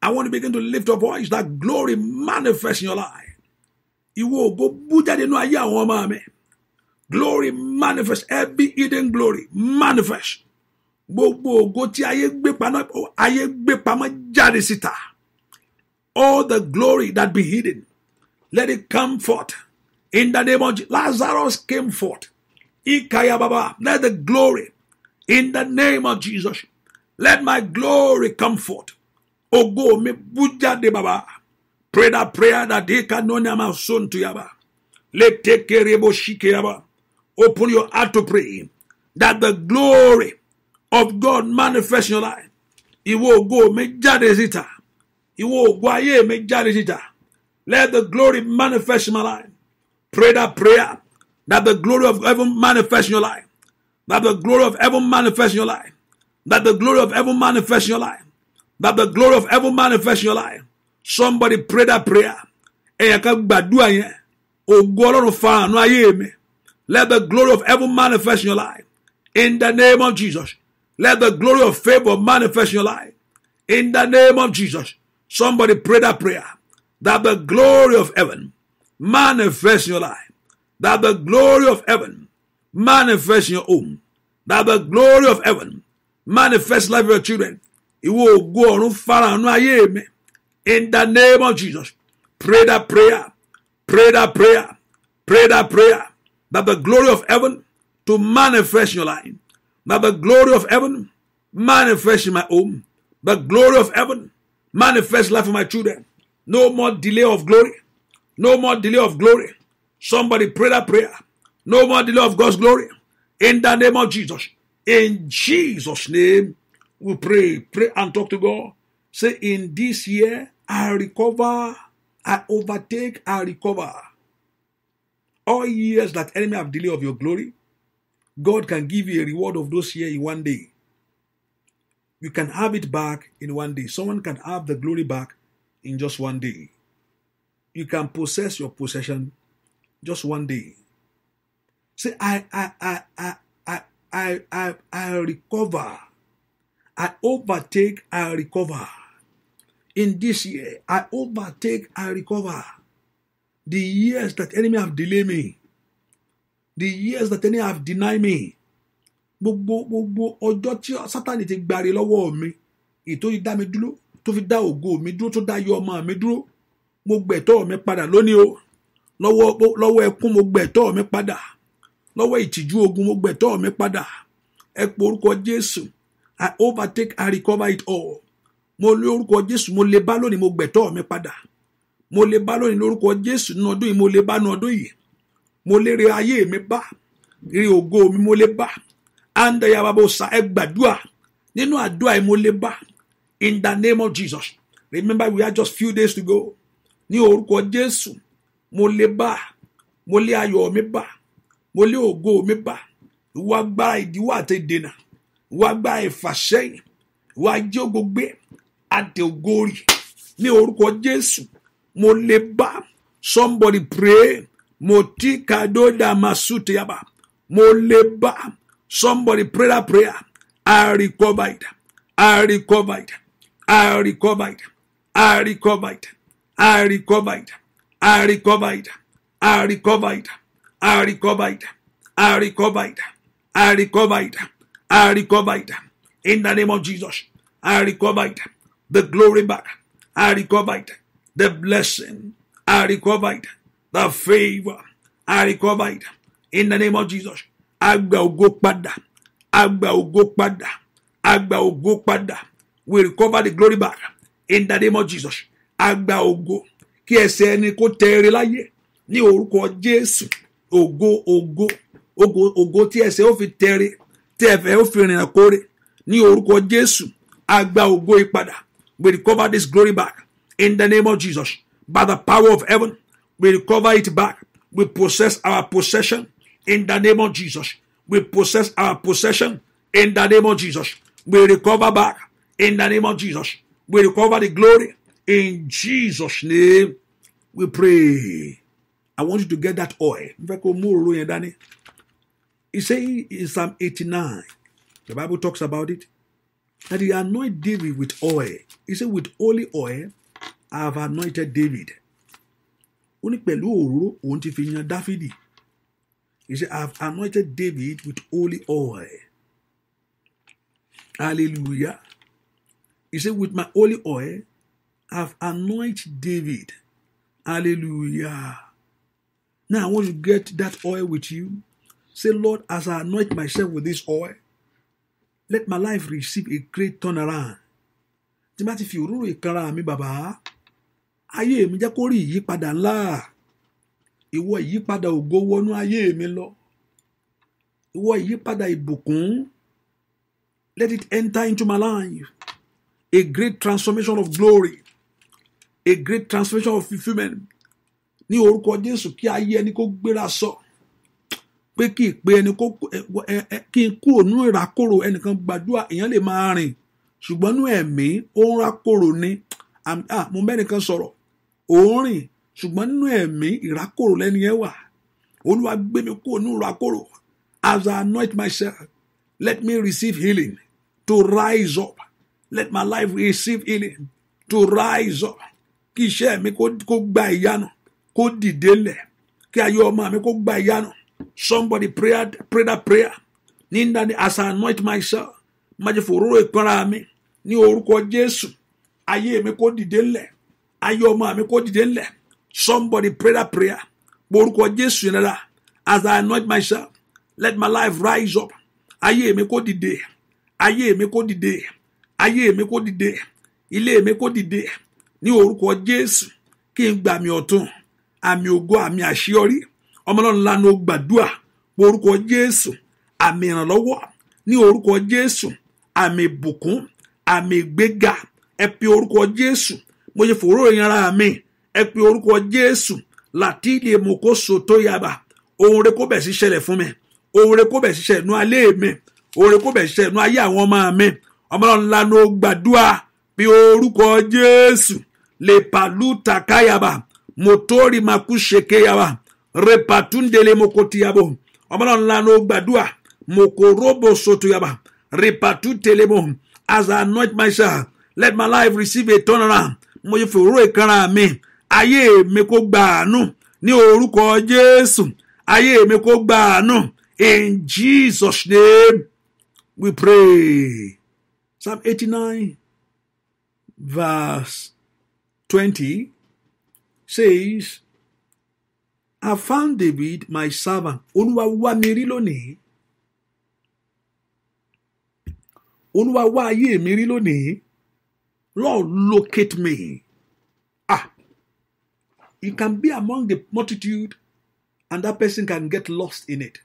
I want to begin to lift up voice that glory manifest in your life ìwọ ògo bú jáde nínú ayé àwọn ọmọ mi glory manifest every hidden glory manifest gbogbo ògo tí ayé gbé pamọ́ ayé gbé pamọ́ jáde síta. Si all the glory that be hidden, let it come forth. In the name of Lazarus came forth. Ikayababa, let the glory in the name of Jesus. Let my glory come forth. Ogo me buja de baba. Pray that prayer that they can know my son to yaba. Let take care of yaba. Open your heart to pray that the glory of God manifest in your life. It will go me jade zita. ìwọ ògo ayé mi jáde síta let the glory manifest in my life pray that prayer that the glory of heaven manifest in your life that the glory of heaven manifest in your life that the glory of heaven manifest in your life that the glory of heaven manifest in your life somebody pray that prayer èèyàn kan gbàdúrà yẹn ògo ọlọ́run fa àánú ayé mi let the glory of heaven manifest in your life in the name of Jesus let the glory of favor manifest in your life in the name of Jesus Somebody pray that prayer that the glory of heaven manifest in your life, that the glory of heaven manifest in your home, that the glory of heaven manifest life of your children. Ìwọ ògo ọ̀run farahàn ayé mi. In the name of Jesus, pray that prayer, pray that prayer, pray that prayer that the glory of heaven to manifest in your life, that the glory of heaven manifest in my home, the glory of heaven manifest life for my children. No more delay of glory. No more delay of glory. Somebody pray that prayer. No more delay of God's glory. In the name of Jesus. In Jesus' name, we pray. Pray and talk to God. Say, in this year, I recover, I overtake, I recover. All years that enemy have delay of your glory, God can give you a reward of those years in one day. You can have it back in one day. Someone can have the glory back in just one day. You can possess your possession just one day. Say, I, I, I, I, I, I, I, I recover. I overtake, I recover. In this year, I overtake, I recover. The years that enemy have delayed me, the years that enemy have denied me, gbogbo gbogbo ọjọ́ tí sátani ti gbari lọ́wọ́ mi ètò yìí dá mi dúró tó fi dá ògo mi dúró tó dá yọ ọmọ mi dúró mo gbẹ̀tọ́ mi padà lónìí o lọ́wọ́ lọ́wọ́ ẹkún mo gbẹ̀tọ́ mi padà lọ́wọ́ ìtìjú ogun mo gbẹ̀tọ́ mi padà ẹ pé orúkọ Jésù I overtake I recover it all mo lé orúkọ Jésù mo lè bá lónìí mo gbẹ̀tọ́ mi padà mo lè bá lónìí lórúkọ Jésù nínú ọdún yìí mo lè bá nínú ọdún yìí mo lè rí ayé mi bá rí ògo mi mo lè bá and yababosa ẹ gbàdúrà nínú àdúrà ìmọ̀lẹ́bà in the name of jesus remember we had just few days to go ní orúkọ jésù moleba, mole bá mo lé ayọ̀ mi bá mo lé ògo mi bá ìwọ agbára ìdíwọ́ àti ìdènà ìwọ agbára moleba. somebody pray moti kado da masute yaba, moleba. lè Somebody pray that prayer. I recovered. I recovered. I recovered. I recovered. I recovered. I recovered. I recovered. I recovered. I recovered. I recovered. I recovered. In the name of Jesus, I recovered the glory back. I recovered the blessing. I recovered the favor. I recovered in the name of Jesus. agba ògo padà agba ògo padà agba ògo padà we recover the glory back in the name of Jesus agba ògo kí ẹsẹ̀ ẹni kó tẹrẹ láyé ní orúkọ Jésù ògo ògo ògo ògo tí ẹsẹ̀ ó fi tẹrẹ tí ẹ̀fẹ̀ ó fi rìnrìn kórè ní orúkọ Jésù agba ògo ìpadà we recover this glory back in the name of Jesus by the power of heaven we recover it back we possess our possession in the name of Jesus. We possess our possession in the name of Jesus. We recover back in the name of Jesus. We recover the glory in Jesus' name. We pray. I want you to get that oil. He says in Psalm 89, the Bible talks about it, that he anointed David with oil. He said, With holy oil, I have anointed David. pẹ̀lú He said, I've anointed David with holy oil. Hallelujah. He said, With my holy oil, I've anointed David. Hallelujah. Now, I want you get that oil with you. Say, Lord, as I anoint myself with this oil, let my life receive a great turnaround. Tí bá ti fi òróró ìkanra mi bàbá, ayé mi jẹ́ kó rí ìyípadà ńlá ìwọ ìyípadà ògo wọnú ayé mi lọ ìwọ ìyípadà ìbùkún let it enter into my life a great transformation of glory a great transformation of fulfilment ní orúkọ Jésù kí ayé ẹni kó gbéra sọ pé kí ìpè ẹni kó kí n kúrò nínú ìrakòrò ẹnìkan gbàdúrà èèyàn lè máa rìn ṣùgbọ́n nínú ẹ̀mí ó rakòrò ni mo mẹ́nìkan sọ̀rọ̀ òórìn ṣùgbọ́n nínú ẹ̀mí ìrákòrò lẹ́ni yẹn wà olúwa gbé mi kúrò nínú ìrákòrò as I anoint myself let me receive healing to rise up let my life receive healing to rise up kí iṣẹ́ mi kó gba ìyanu kó dìde lẹ̀ kí ayé ọmọ mi kó gba ìyanu somebody pray, pray that prayer nígbà ní as I anoint myself májè fòróró ìpínra mi ní orúkọ Jésù ayé mi kó dìde lẹ̀ ayé ọmọ mi kó dìde lẹ̀. Somebody pray that prayer. Borúkọ Jésù yẹn dára. As I anoint myself, let my life rise up. Ayé mi kó dìde. Ayé mi di dìde. Ayé mi kó dìde. Ilé mi kó dìde. Ní orúkọ Jésù kí n gbàmì ọ̀tun. Àmì ògo àmì àṣeyọrí. Ọmọlọ́run lanu gbàdúrà. Borúkọ Jésù. Àmì ìrànlọ́wọ́. Ní orúkọ Jésù. Àmì ìbùkún. Àmì ìgbéga. Ẹ pe orúkọ Jésù. Mo ṣe fòró ìyanra mi ẹ pe orúkọ jésù láti ilé mokoso tó yaba ohun rẹ kó bẹ̀ sí ṣẹlẹ̀ fún mi ohun rẹ kó bẹ̀ sí ṣẹlẹ̀ nú alé mi ohun rẹ kó bẹ̀ sí ṣẹlẹ̀ nú ayé àwọn ọmọ mi ọmọ náà ńlá ló gbàdúrà bí orúkọ jésù lè pàlú takayaba mòtórì makú ṣekeyaba repatundele mokotiyabo ọmọ náà ńlá ló gbàdúrà mokorobo sotoyaba repatutelemo as i anoint myself let my life receive a turnaround mo fi òróró ìkanra mi ayé mi kó gba àánú ní orúkọ Jésù ayé mi kó gba àánú in Jesus name we pray Psalm eighty nine verse twenty says I found David my servant Olúwa wá mi rí lónìí Olúwa wá ayé mi rí lónìí Lord locate me. You can be among the multitude and that person can get lost in it.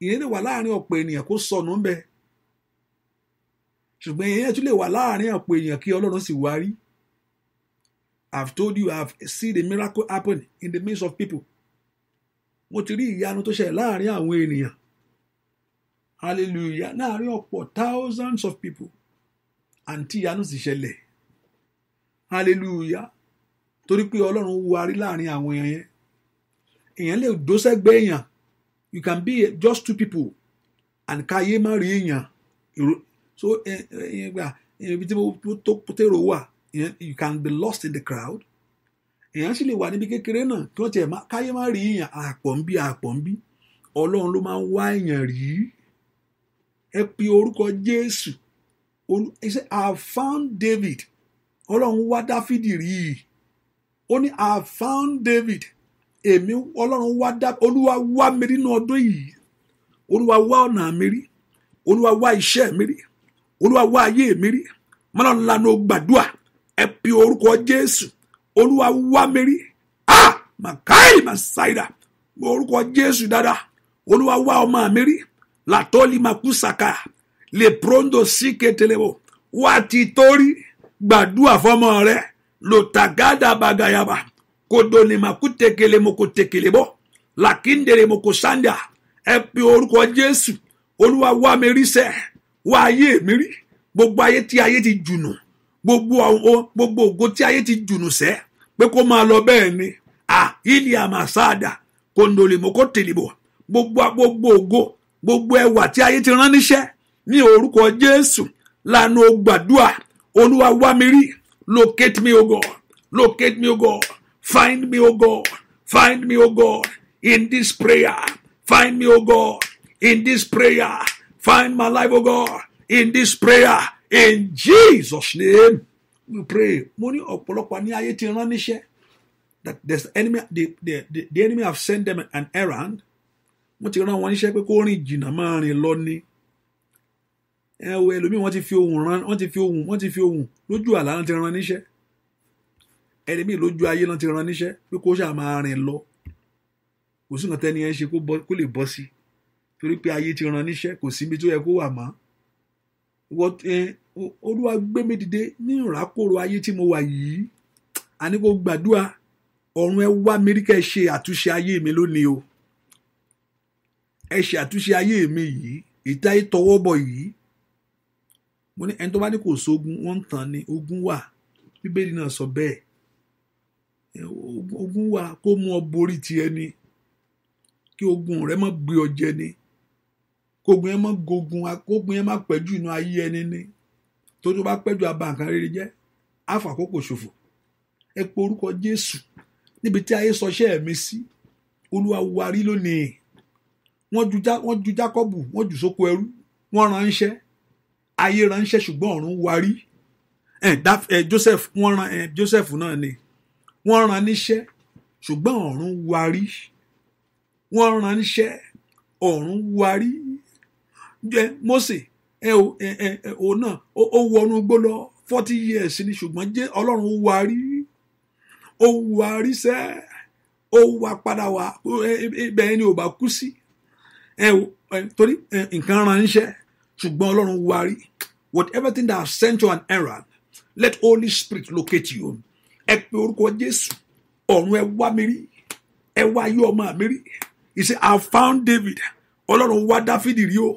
Ìyẹn lè wà láàrin ọ̀pọ̀ ènìyàn kó sọnù ń bẹ. Ṣùgbọ́n ìyẹn tún lè wà láàrin ọ̀pọ̀ ènìyàn kí Ọlọ́run sì wá I've told you I've seen the miracle happen in the midst of people. Mo ti rí ìyanu tó ṣẹlẹ̀ láàrin àwọn ènìyàn. Hallelujah! Láàrin ọ̀pọ̀ thousands of people. Àǹtí ìyanu sì ṣẹlẹ̀ hallelujah torí pé ọlọ́run wù wá rí láàrin àwọn èèyàn yẹn èèyàn lè dó èèyàn you can be just two people and káyé má rí èèyàn so èèyàn gbà ibi tí mo tó tèrò wà you can be lost in the crowd èèyàn sì lè wà níbi kékeré náà kí wọ́n tiẹ̀ káyé má rí èèyàn àpọ̀ ń bí àpọ̀ ń bí ọlọ́run ló máa ń wá èèyàn rí ẹ pe orúkọ jésù he said i have found david ọlọ́run wá dáfídì rí i ó ní i found david èmi ọlọ́run wá dá olúwa wá mi rí nínú ọdún yìí olúwa wá ọ̀nà mi rí olúwa wá iṣẹ́ mi rí olúwa wá ayé mi rí mọ́nà lanu gbàdúà ẹ pe orúkọ jésù olúwa wá mi rí ah makai masaida. orúkọ jésù dáadáa olúwa wá ọmọ mi rí làtọ́lì makusaka. lè prondo sí kẹtẹlẹ́wọ̀ wá ti torí gbàdúrà fọmọ rẹ lòtàgádà bagayaba kodonimakutekele mokotekele bọ làkíndèrè mokosanda ẹ pe orúkọ jésù olúwa wá mi rí sẹ wá ayé mi rí gbogbo ayé tí ayé ti jùnù gbogbo gbogbo ògo tí ayé ti jùnù sẹ pé kó máa lọ bẹ́ẹ̀ ni à ilé àmàsáàdà kòndòlèmọkò tèlébọ gbogbo gbogbo ògo gbogbo ẹwà tí ayé ti rán níṣẹ́ ní orúkọ jésù lànà ògbàdúà olúwa wá mi rí locate me o god locate me o god find me o god find me o god in this prayer find me o god in this prayer find my life o god in this prayer in jesus name we pray mo ní ọ̀pọ̀lọpọ̀ ní ayé ti rán níṣẹ́ that the enemy the, the, the, the enemy have sent them an errand wọ́n ti rán wọn níṣẹ́ pé kó rìn jìnnà máa rìn lọ ní ẹ wo ẹlòmíì wọ́n ti fi ohun ran wọ́n ti fi ohun wọ́n ti fi ohun lójú àlá náà ti ran níṣẹ́ ẹlòmíì lójú ayé náà ti ran níṣẹ́ pé kó ṣáà máa rìn lọ kò sí nǹkan tẹ́ni ẹ ṣe kó lè bọ́ sí torí pé ayé ti ran níṣẹ́ kò síbi tó yẹ kó wà mọ́ olúwa gbé mi dìde ní ìràkòrò ayé tí mo wà yìí àní kò gbàdúrà ọ̀run ẹ wá mi rí kẹ́ ẹ ṣe àtúnṣe ayé mi lónìí o ẹ ṣe àtúnṣe ayé mi yìí ìta ìtọwọ́ bọ̀ yìí mo ní ẹni tó bá ní kò sógun wọ́n ń tàn ní ogun wà bíbélì náà sọ bẹ́ẹ̀ ogun wà kó mú ọ borí tiẹ̀ ni kí ogun rẹ má gbé ọ jẹ ni kógun yẹn má gogun kógun yẹn má pẹ́jù inú ayé ẹni ni tó tó bá pẹ́jù abá nǹkan rere jẹ́ àfàkókò ṣòfò ẹ pe orúkọ Jésù níbi tí ayé sọṣẹ́ mi sí Olúwa wa lónìí wọ́n ju Jákọ́bù wọ́n jù sóko ẹrú wọ́n ránṣẹ́ ayé ránṣẹ́ ṣùgbọ́n ọ̀run warí Joseph wọ́n ran Joseph náà ni wọ́n ran níṣẹ́ ṣùgbọ́n ọ̀run warí wọ́n ran níṣẹ́ ọ̀run warí Mósè ẹ o ẹ ẹ o náà ó wọnú gbó lọ forty years ni ṣùgbọ́n jẹ́ ọlọ́run warí ó warí sẹ́ ó wá padà wá ibẹ̀ ni ò bá kú sí torí nǹkan ran níṣẹ́ ṣùgbọ́n ọlọ́run wá rí whatever thing that has sent you an error, let holy spirit locate you ẹ pe orúkọ jésù ọ̀run ẹ wá mi rí ẹ wá ayé ọmọ mi rí he say i found david ọlọ́run wá dáfídì rí o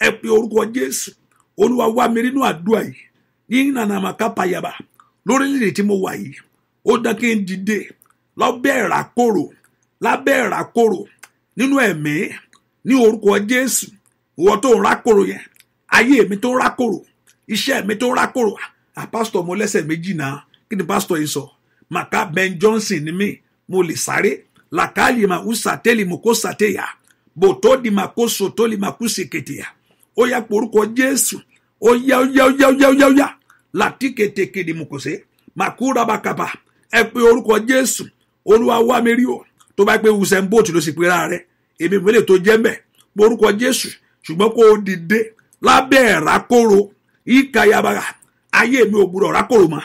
ẹ pe orúkọ jésù olúwa wá mi rí nínú àdúrà yìí ní nànàmàkà payaba lórílẹ̀‐èdè tí mo wà yìí ó dán kí n dìde lábẹ́ ìràkòrò lábẹ́ ìràkòrò nínú ẹ̀mí ní orúkọ jésù ìwọ tó ń rákòrò yẹn ayé mi tó ń rákòrò iṣẹ́ mi tó ń rákòrò à ah, pásítọ̀ mo lẹ́sẹ̀ méjì náà kí ni pásítọ̀ yìí sọ màkà Ben Johnson ni mí mo lè sáré làkàlì mà ń sàtẹ́lì mo kó sàtẹ́yà bò tó di mà kó so tó lè mà kú sí kètèyà ó yá porúkọ Jésù ó yá ó yá ó yá ó yá ó yá ó yá láti kété kéde kò sé màkú rabakaba ẹ pé orúkọ Jésù olúwa wá mi rí o tó bá pé Usain Bolt ló sì pera rẹ èmi ìpínlẹ̀ tó jẹ́ mẹ́ porúkọ Jésù ṣùgbọ́n kó o dìde lábẹ́ ẹ̀rákòrò ìkàyàbàrà ayé mi ò gbúdọ̀ rákòrò mọ́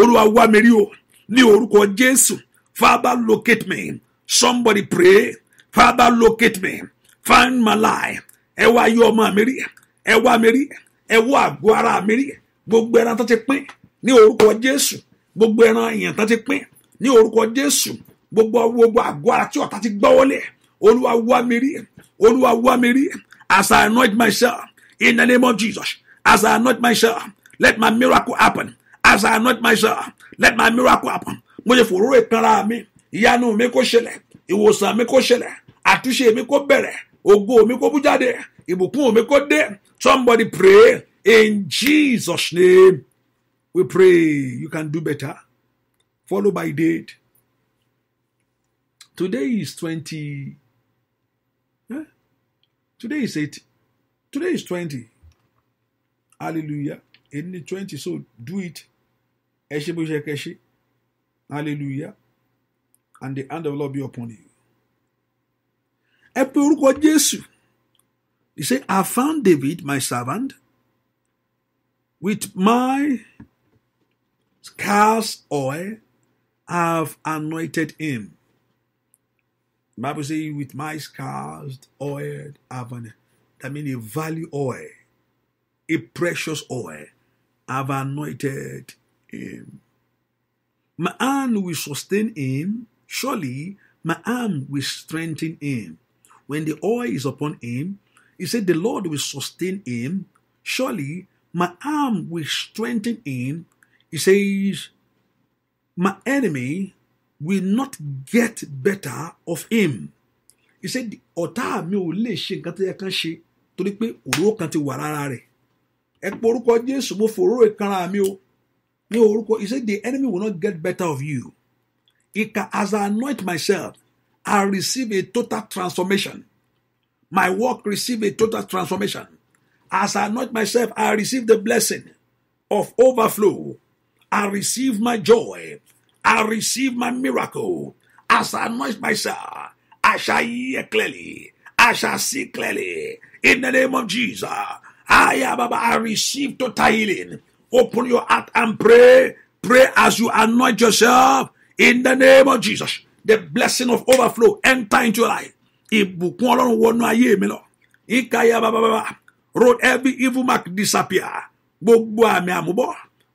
olúwa wá mi rí o ní orúkọ jésù father locate me somebody pray father locate me find my life ẹ wá yọ ọmọ mi rí ẹ wá mi rí ẹ wá àgọ́ ara mi rí gbogbo ẹran tó ti pín ní orúkọ jésù gbogbo ẹran èèyàn tó ti pín ní orúkọ jésù gbogbo gbogbo àgọ́ ara tí ọ̀tá ti gbọ́ wọlé olúwa wá mi rí olúwa wá mi rí as I anoint myself in the name of Jesus. As I anoint myself, let my miracle happen. As I anoint myself, let my miracle happen. Mo ṣe fòróró ìkanra mi, ìyanu mi kó ṣẹlẹ̀, ìwòsàn mi kó ṣẹlẹ̀, àtúnṣe mi kó bẹ̀rẹ̀, ògo mi kó bú jáde, ìbùkún mi kó dé. Somebody pray in Jesus' name. We pray you can do better. Follow by date. Today is 20. Huh? Eh? Today is 8. Today is 20. Hallelujah. In the 20, so do it. Hallelujah. And the hand of the Lord be upon you. Jésù. He said, I found David, my servant, with my scars oil, I've anointed him. The Bible says, with my scars oil, I've anointed that means a value oil, a precious oil, I've anointed him. My hand will sustain him. Surely my arm will strengthen him. When the oil is upon him, he said, The Lord will sustain him. Surely my arm will strengthen him. He says, My enemy will not get better of him. He said, Ọ̀tá mi ò lè ṣe tó yẹ kán ṣe. torí pé òróró kan ti wà lára rẹ̀ ẹ pé orúkọ jésù mo fòróró ìkanra mi o ní orúkọ he said the enemy will not get better of you ìka as I anoint myself I receive a total transformation my work receive a total transformation as I anoint myself I receive the blessing of overflow I receive my joy I receive my miracle as I anoint myself I shall hear clearly. I shall see clearly in the name of Jesus. I, Baba, I receive total healing. Open your heart and pray. Pray as you anoint yourself in the name of Jesus. The blessing of overflow enter into your life. Ìbùkún Ọlọ́run wọnú ayé mi Road every evil mark disappear. Gbogbo àmì àmúbọ̀.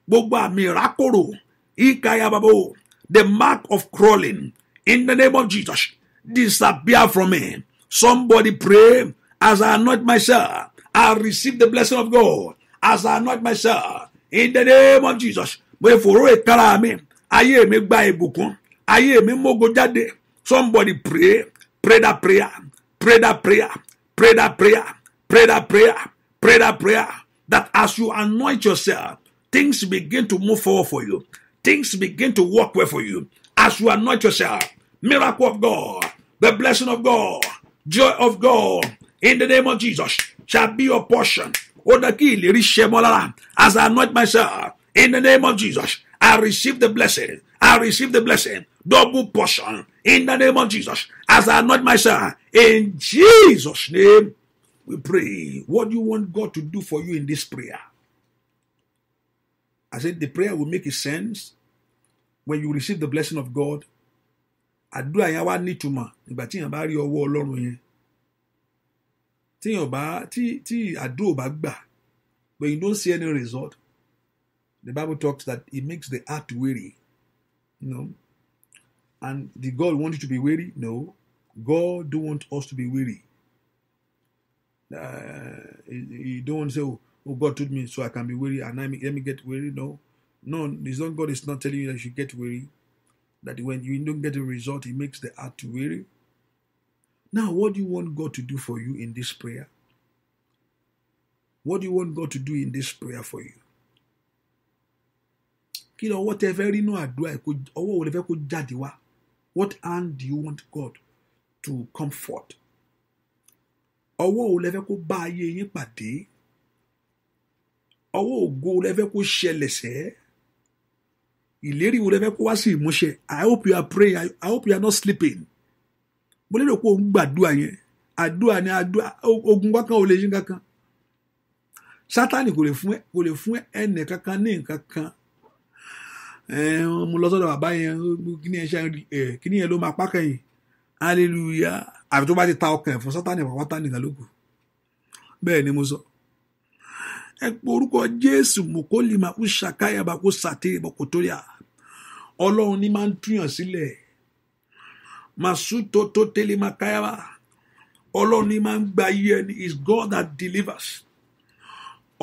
Gbogbo àmì ìrákòrò. Ìkàyà The mark of crawling in the name of Jesus disappear from me. Somebody pray, as I anoint myself, I receive the blessing of God, as I anoint myself, in the name of Jesus. Mo ìfòró ìkara mi, ayé mi gba ayé me mógo jáde. Somebody pray, pray that prayer, pray that prayer, pray that prayer, pray that prayer, pray that prayer. That as you anoint yourself, things begin to move forward for you. Things begin to work well for you. As you anoint yourself, miracle of God, the blessing of God, joy of God in the name of Jesus shall be your portion. Oh, as I anoint myself in the name of Jesus, I receive the blessing. I receive the blessing. Double portion in the name of Jesus. As I anoint myself in Jesus' name, we pray. What do you want God to do for you in this prayer? I said the prayer will make sense when you receive the blessing of God àdúrà yẹn wá nítumọ̀ nígbà tíyàn bá rí ọwọ́ ọlọ́run yẹn tíyàn bá tí tí àdúrà ò bá gbà but you don't see any result the bible talks that it makes the heart weary you know and the God want you to be weary no God don't want us to be weary uh, he, he don't want to say oh, oh God told me so I can be weary and I, let me get weary no no it's not God is not telling you that you should get weary. that when you don't get a result, it makes the heart to weary. Now, what do you want God to do for you in this prayer? What do you want God to do in this prayer for you? You know, whatever you know, I do, I could, or whatever could fẹ́ wá what hand do you want God to comfort ọwọ́ wo lè fẹ́ kó bá ye yín pàdé ọwọ́ ògo lè fẹ́ kó ṣẹlẹ̀ sẹ́ẹ́. ìlérí wo lẹ fẹ́ kó wá sí ìmúṣẹ i hope you are praying i hope you are not sleeping mo lérò pé òun gbàdúrà yẹn àdúrà ni àdúrà ogun kankan ò lè ṣe kankan sátani kò lè fún kò lè fún ẹnì kankan ní nǹkan kan mo lọ sọ́dọ̀ bàbá yẹn kíní yẹn ṣe kíní ló máa pa kẹ́yìn hallelujah àfi tó bá ti ta ọkàn ẹ̀ fún sátani pàpàtà nìkan ló kù bẹ́ẹ̀ ni mo sọ. So ẹ pe orúkọ jésù mokoli ma kú ṣàkáyà bá kú sàté bọkòtóyà ọlọ́run ní máa ń túyàn sílẹ̀ màsútó tó tẹ́lẹ̀ máa káyàwá ọlọ́run ní máa ń gba ayé ẹni is God that delivers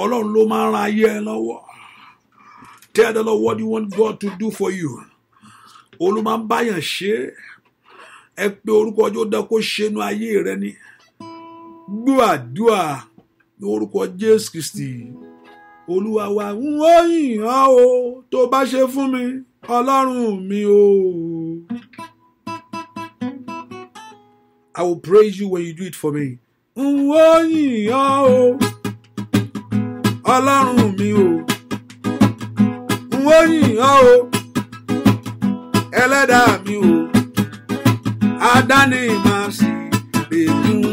ọlọ́run ló máa ń ra ayé ẹ lọ́wọ́ tell the Lord what you want God to do for you olú máa ń báyàn ṣe ẹ pé orúkọ ọjọ́ dá kó ṣẹnu ayé rẹ ni gbọ́ àdúrà ní orúkọ Jésù Kristi olúwa wa ń wọ́n yìn o tó bá ṣe fún mi. Ọlọ́run mi o. I will praise you when you do it for me. N ó yìn ọ́ o. Ọlọ́run mi o. N ó o. Ẹlẹ́dàá mi o. Adánimàsí lè dùn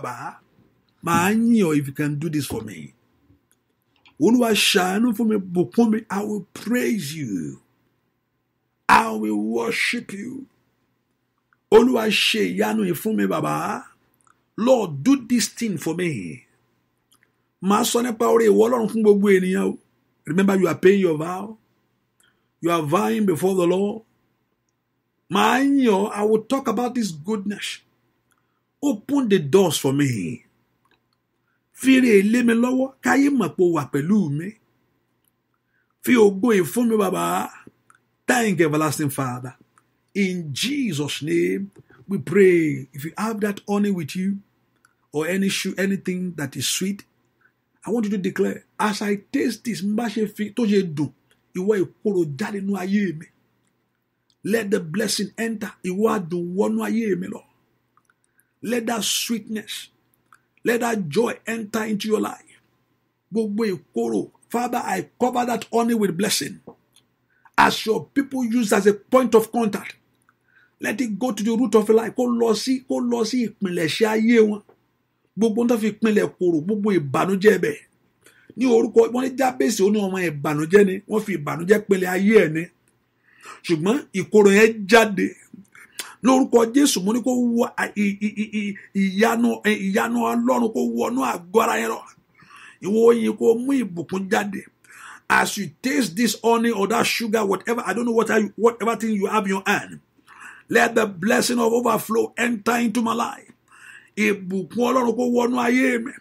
Baba, màá yìn if you can do this for me olúwa ṣàánú fún mi bùkún mi i will praise you i will worship you olúwa ṣe ìyanu yìí fún mi bàbá lord do this thing for me màá sọ nípa orí ìwọ ọlọ́run fún gbogbo ènìyàn remember you are paying your vow you are vying before the lord màá yàn i will talk about this goodness open the doors for me fíre lé mi lọ́wọ́ káyé mọ̀ po o wà pẹ̀lú mi fi ògo ìfún mi bàbá thank everlasting father in jesus name we pray if you have that honey with you or any shoe anything that is sweet i want you to declare as i taste this bá ṣe fi tó ṣe dùn ìwọ ìkorò jáde nu ayé mi let the blessing enter ìwọ àdùn wọnú ayé mi Lord. Let that sweetness, let that joy enter into your life. Gbogbo ìkorò, Father, I cover that honey with blessing. As your people use as a point of contact, let it go to the root of life. Kó lọ sí kó lọ sí ìpìlẹ̀ṣẹ̀ ayé wọn. Gbogbo ń tó fi ìpìlẹ̀ korò, gbogbo ìbànújẹ́ bẹ̀. Ní orúkọ wọn ní Jábèsì ó ní ọmọ ìbànújẹ́ ni, wọ́n fi ìbànújẹ́ pinlẹ̀ ayé ẹ̀ ni. Ṣùgbọ́n ìkorò yẹn jáde lórúkọ jésù mo ní kó wọ ìyanu ìyanu ọlọ́run kó wọnú àgọ́ ara yẹn lọ ìwọ oyin kó mú ìbùkún jáde as you taste this honey or that sugar whatever i don't know what I, whatever thing you have in your hand let the blessing of overflow enter into my life ìbùkún ọlọ́run kó wọnú ayé mi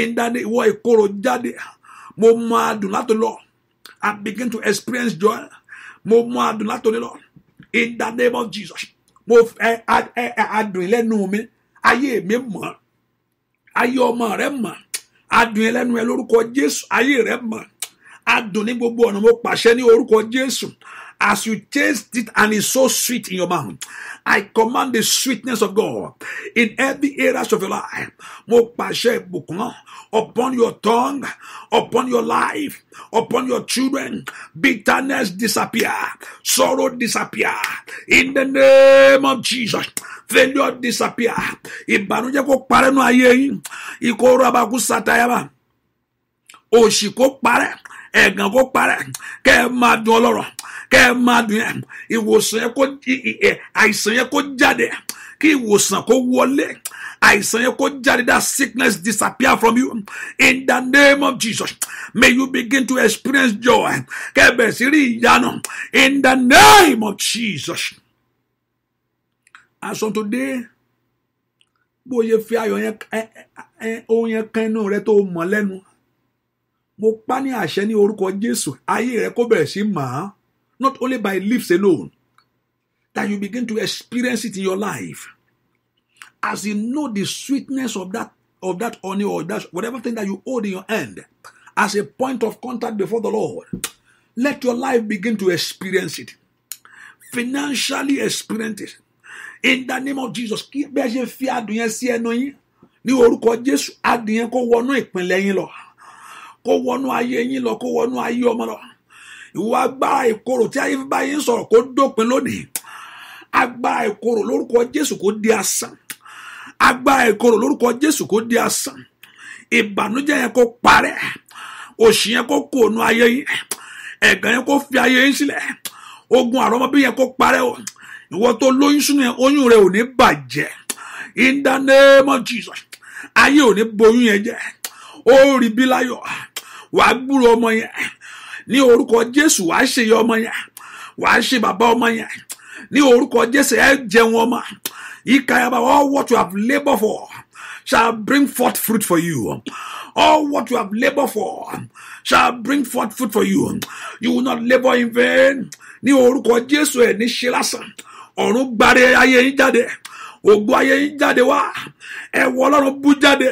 ìdáni ìwọ ìkorò jáde mo máa dùn láti lọ i begin to experience joy mo máa dùn láti lọ in the name of jesus mo ẹ ẹ adùn lẹ́nu mi ayé mi mọ̀ ayé ọmọ rẹ mọ̀ adùn lẹ́nu ẹ lórúkọ Jésù ayé rẹ mọ̀ adùn ní gbogbo ọ̀nà mo pàṣẹ ní orúkọ Jésù as you taste it and it's so sweet in your mouth. I command the sweetness of God in every areas of your life. Upon your tongue, upon your life, upon your children, bitterness disappear, sorrow disappear. In the name of Jesus, failure disappear. Ìbànújẹ́ kó parẹ́ pare, ayé yín, ìkóró abakú satayaba, òṣì kó kẹ́ ẹ máa ìwòsàn yẹn kó àìsàn yẹn kó jáde kí ìwòsàn kó wọlé àìsàn yẹn kó jáde that sickness disappear from you in the name of Jesus may you begin to experience joy kẹ́ ẹ sí rí ìyanu in the name of Jesus. As on today bó ṣe fi ayọ̀ yẹn ohun yẹn kan inú rẹ tó mọ̀ lẹ́nu mo pa ní àṣẹ ní orúkọ Jésù ayé rẹ kó bẹ̀rẹ̀ sí màá not only by lips alone, that you begin to experience it in your life. As you know the sweetness of that of that honey or that whatever thing that you hold in your hand as a point of contact before the Lord, let your life begin to experience it. Financially experience it. In the name of Jesus, kí bẹ́ẹ̀ ṣe fi adùn yẹn sí ẹnu yín ní orúkọ Jésù adùn yẹn kó wọnú ìpínlẹ̀ yín lọ kó wọnú ayé yín lọ kó wọnú ayé ọmọ lọ ìwọ agbára ìkorò tí ayé fi bá yín sọ̀rọ̀ kó dópin lónìí agbára ìkorò lórúkọ jésù kó di asán agbára ìkorò lórúkọ jésù kó di asán ìbànújẹ́ yẹn kó parẹ́ òṣì yẹn kó kó ònú ayé yín ẹ̀gàn yẹn kó fi ayé yín sílẹ̀ ogun àrọmọbí yẹn kó parẹ́ o ìwọ tó lóyún sínú yẹn oyún rẹ ò ní bàjẹ́ in the name of jesus ayé ò ní boyún yẹn jẹ́ ó rí bí láyọ̀ wàá gbúrò ọmọ yẹn ní orúkọ jésù wàá ṣe iye ọmọ yẹn wàá ṣe bàbá ọmọ yẹn ní orúkọ jésù ẹ jẹun ọmọ ìkàyàbá all what you have labour for shall bring forth fruit for you. All what you have labored for shall bring forth fruit for you. You will not labor in vain. Ní orúkọ Jésù ẹ̀ ní ṣe lásán. Ọ̀run gbàre ayé yín jáde. Ògbó ayé yín jáde wá. Ẹ̀wọ̀ Ọlọ́run bú jáde.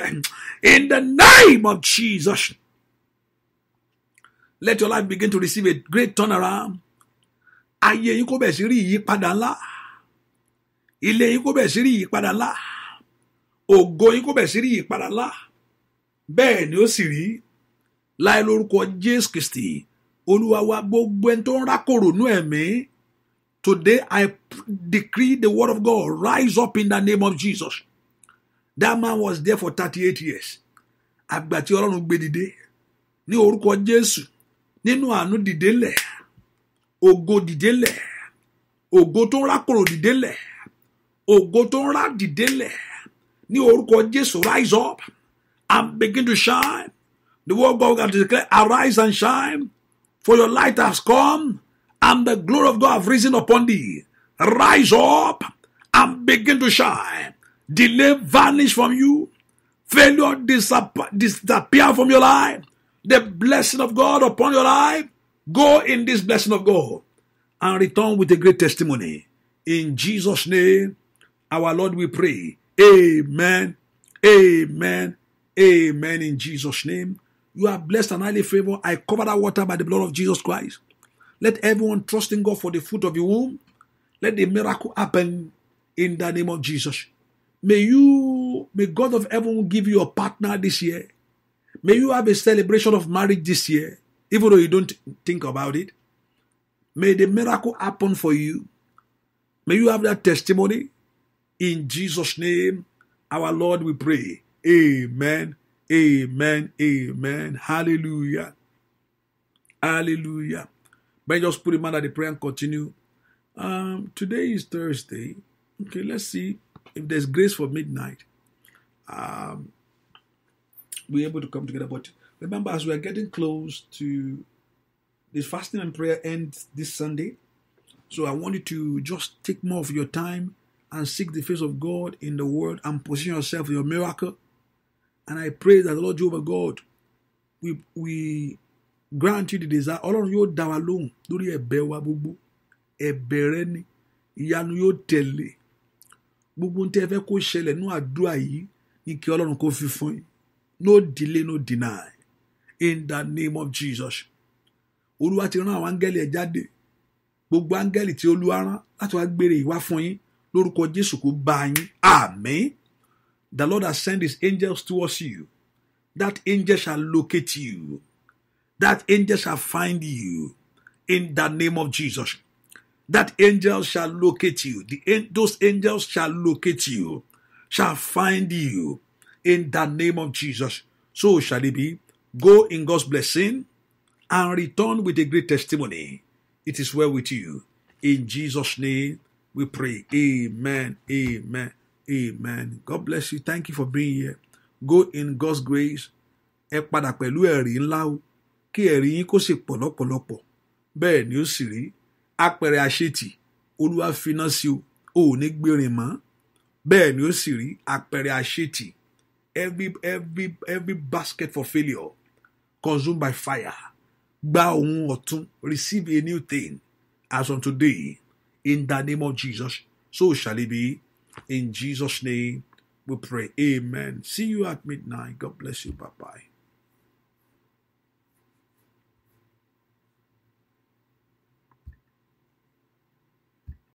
In the name of Jesus let your life begin to receive a great turnaround ayé yín kó bẹ̀ẹ̀ sí rí ìyípadà ńlá ilé yín kó bẹ̀ẹ̀ sí rí ìyípadà ńlá ògo yín kó bẹ̀ẹ̀ sí rí ìyípadà ńlá bẹ́ẹ̀ ni ó sì rí láì lórúkọ Jésù Kristi olúwa wa gbogbo ẹni tó ń rákòrò nú ẹ̀mí today I decree the word of God rise up in the name of Jesus that man was there for thirty eight years àgbà tí ọlọ́run gbé dìde ní orúkọ Jésù nínú àánú dìde lẹ̀ ògo dìde lẹ̀ ògo tó ń rákòrò dìde lẹ̀ ògo tó ń rá dìde lẹ̀ ní orúkọ Jésù rise up and begin to shine the word God will declare arise and shine for your light has come and the glory of God has risen upon thee rise up and begin to shine delay vanish from you failure disappear from your life the blessing of God upon your life, go in this blessing of God and return with a great testimony. In Jesus' name, our Lord, we pray. Amen. Amen. Amen. In Jesus' name, you are blessed and highly favored. I cover that water by the blood of Jesus Christ. Let everyone trust in God for the fruit of your womb. Let the miracle happen in the name of Jesus. May you, may God of heaven give you a partner this year May you have a celebration of marriage this year, even though you don't think about it. May the miracle happen for you. May you have that testimony. In Jesus' name, our Lord, we pray. Amen. Amen. Amen. Hallelujah. Hallelujah. May just put him under the prayer and continue. Um, today is Thursday. Okay, let's see if there's grace for midnight. Um, be able to come together. But remember, as we are getting close to the fasting and prayer end this Sunday, so I want you to just take more of your time and seek the face of God in the word and position yourself for your miracle. And I pray that the Lord Jehovah God we we grant you the desire. Ọlọ́run yóò dá wa duri lórí ẹ̀bẹ̀ wa gbogbo ẹ̀bẹ̀ tẹ̀lé gbogbo ntẹ́ fẹ́ kó ṣẹlẹ̀ ní kí Ọlọ́run kó fi fún no delay no deny in the name of Jesus olúwa ti rán àwọn áńgẹ́lì ẹ̀ jáde gbogbo áńgẹ́lì tí olúwa rán láti wá gbére ìwá fún yín lórúkọ Jésù kó bá yín àmín the Lord has sent his angels towards you that angel shall locate you that angel shall find you in the name of Jesus that angel shall locate you the, those angels shall locate you shall find you in the name of Jesus. So shall it be. Go in God's blessing and return with a great testimony. It is well with you. In Jesus' name we pray. Amen. Amen. Amen. God bless you. Thank you for being here. Go in God's grace. Ẹ padà pẹ̀lú ẹ̀rí ńlá o. Kí ẹ̀rí yín kó sì pọ̀ lọ́pọ̀lọpọ̀. Bẹ́ẹ̀ ni ó sì rí. Apẹ̀rẹ̀ àṣetì. Olúwa finá sí o. O ò ní gbérin mọ́. Bẹ́ẹ̀ ni ó sì rí. Apẹ̀rẹ̀ àṣetì. every every every basket for failure consumed by fire gba ohun receive a new thing as on today in the name of jesus so shall it be in jesus name we pray amen see you at midnight god bless you bye bye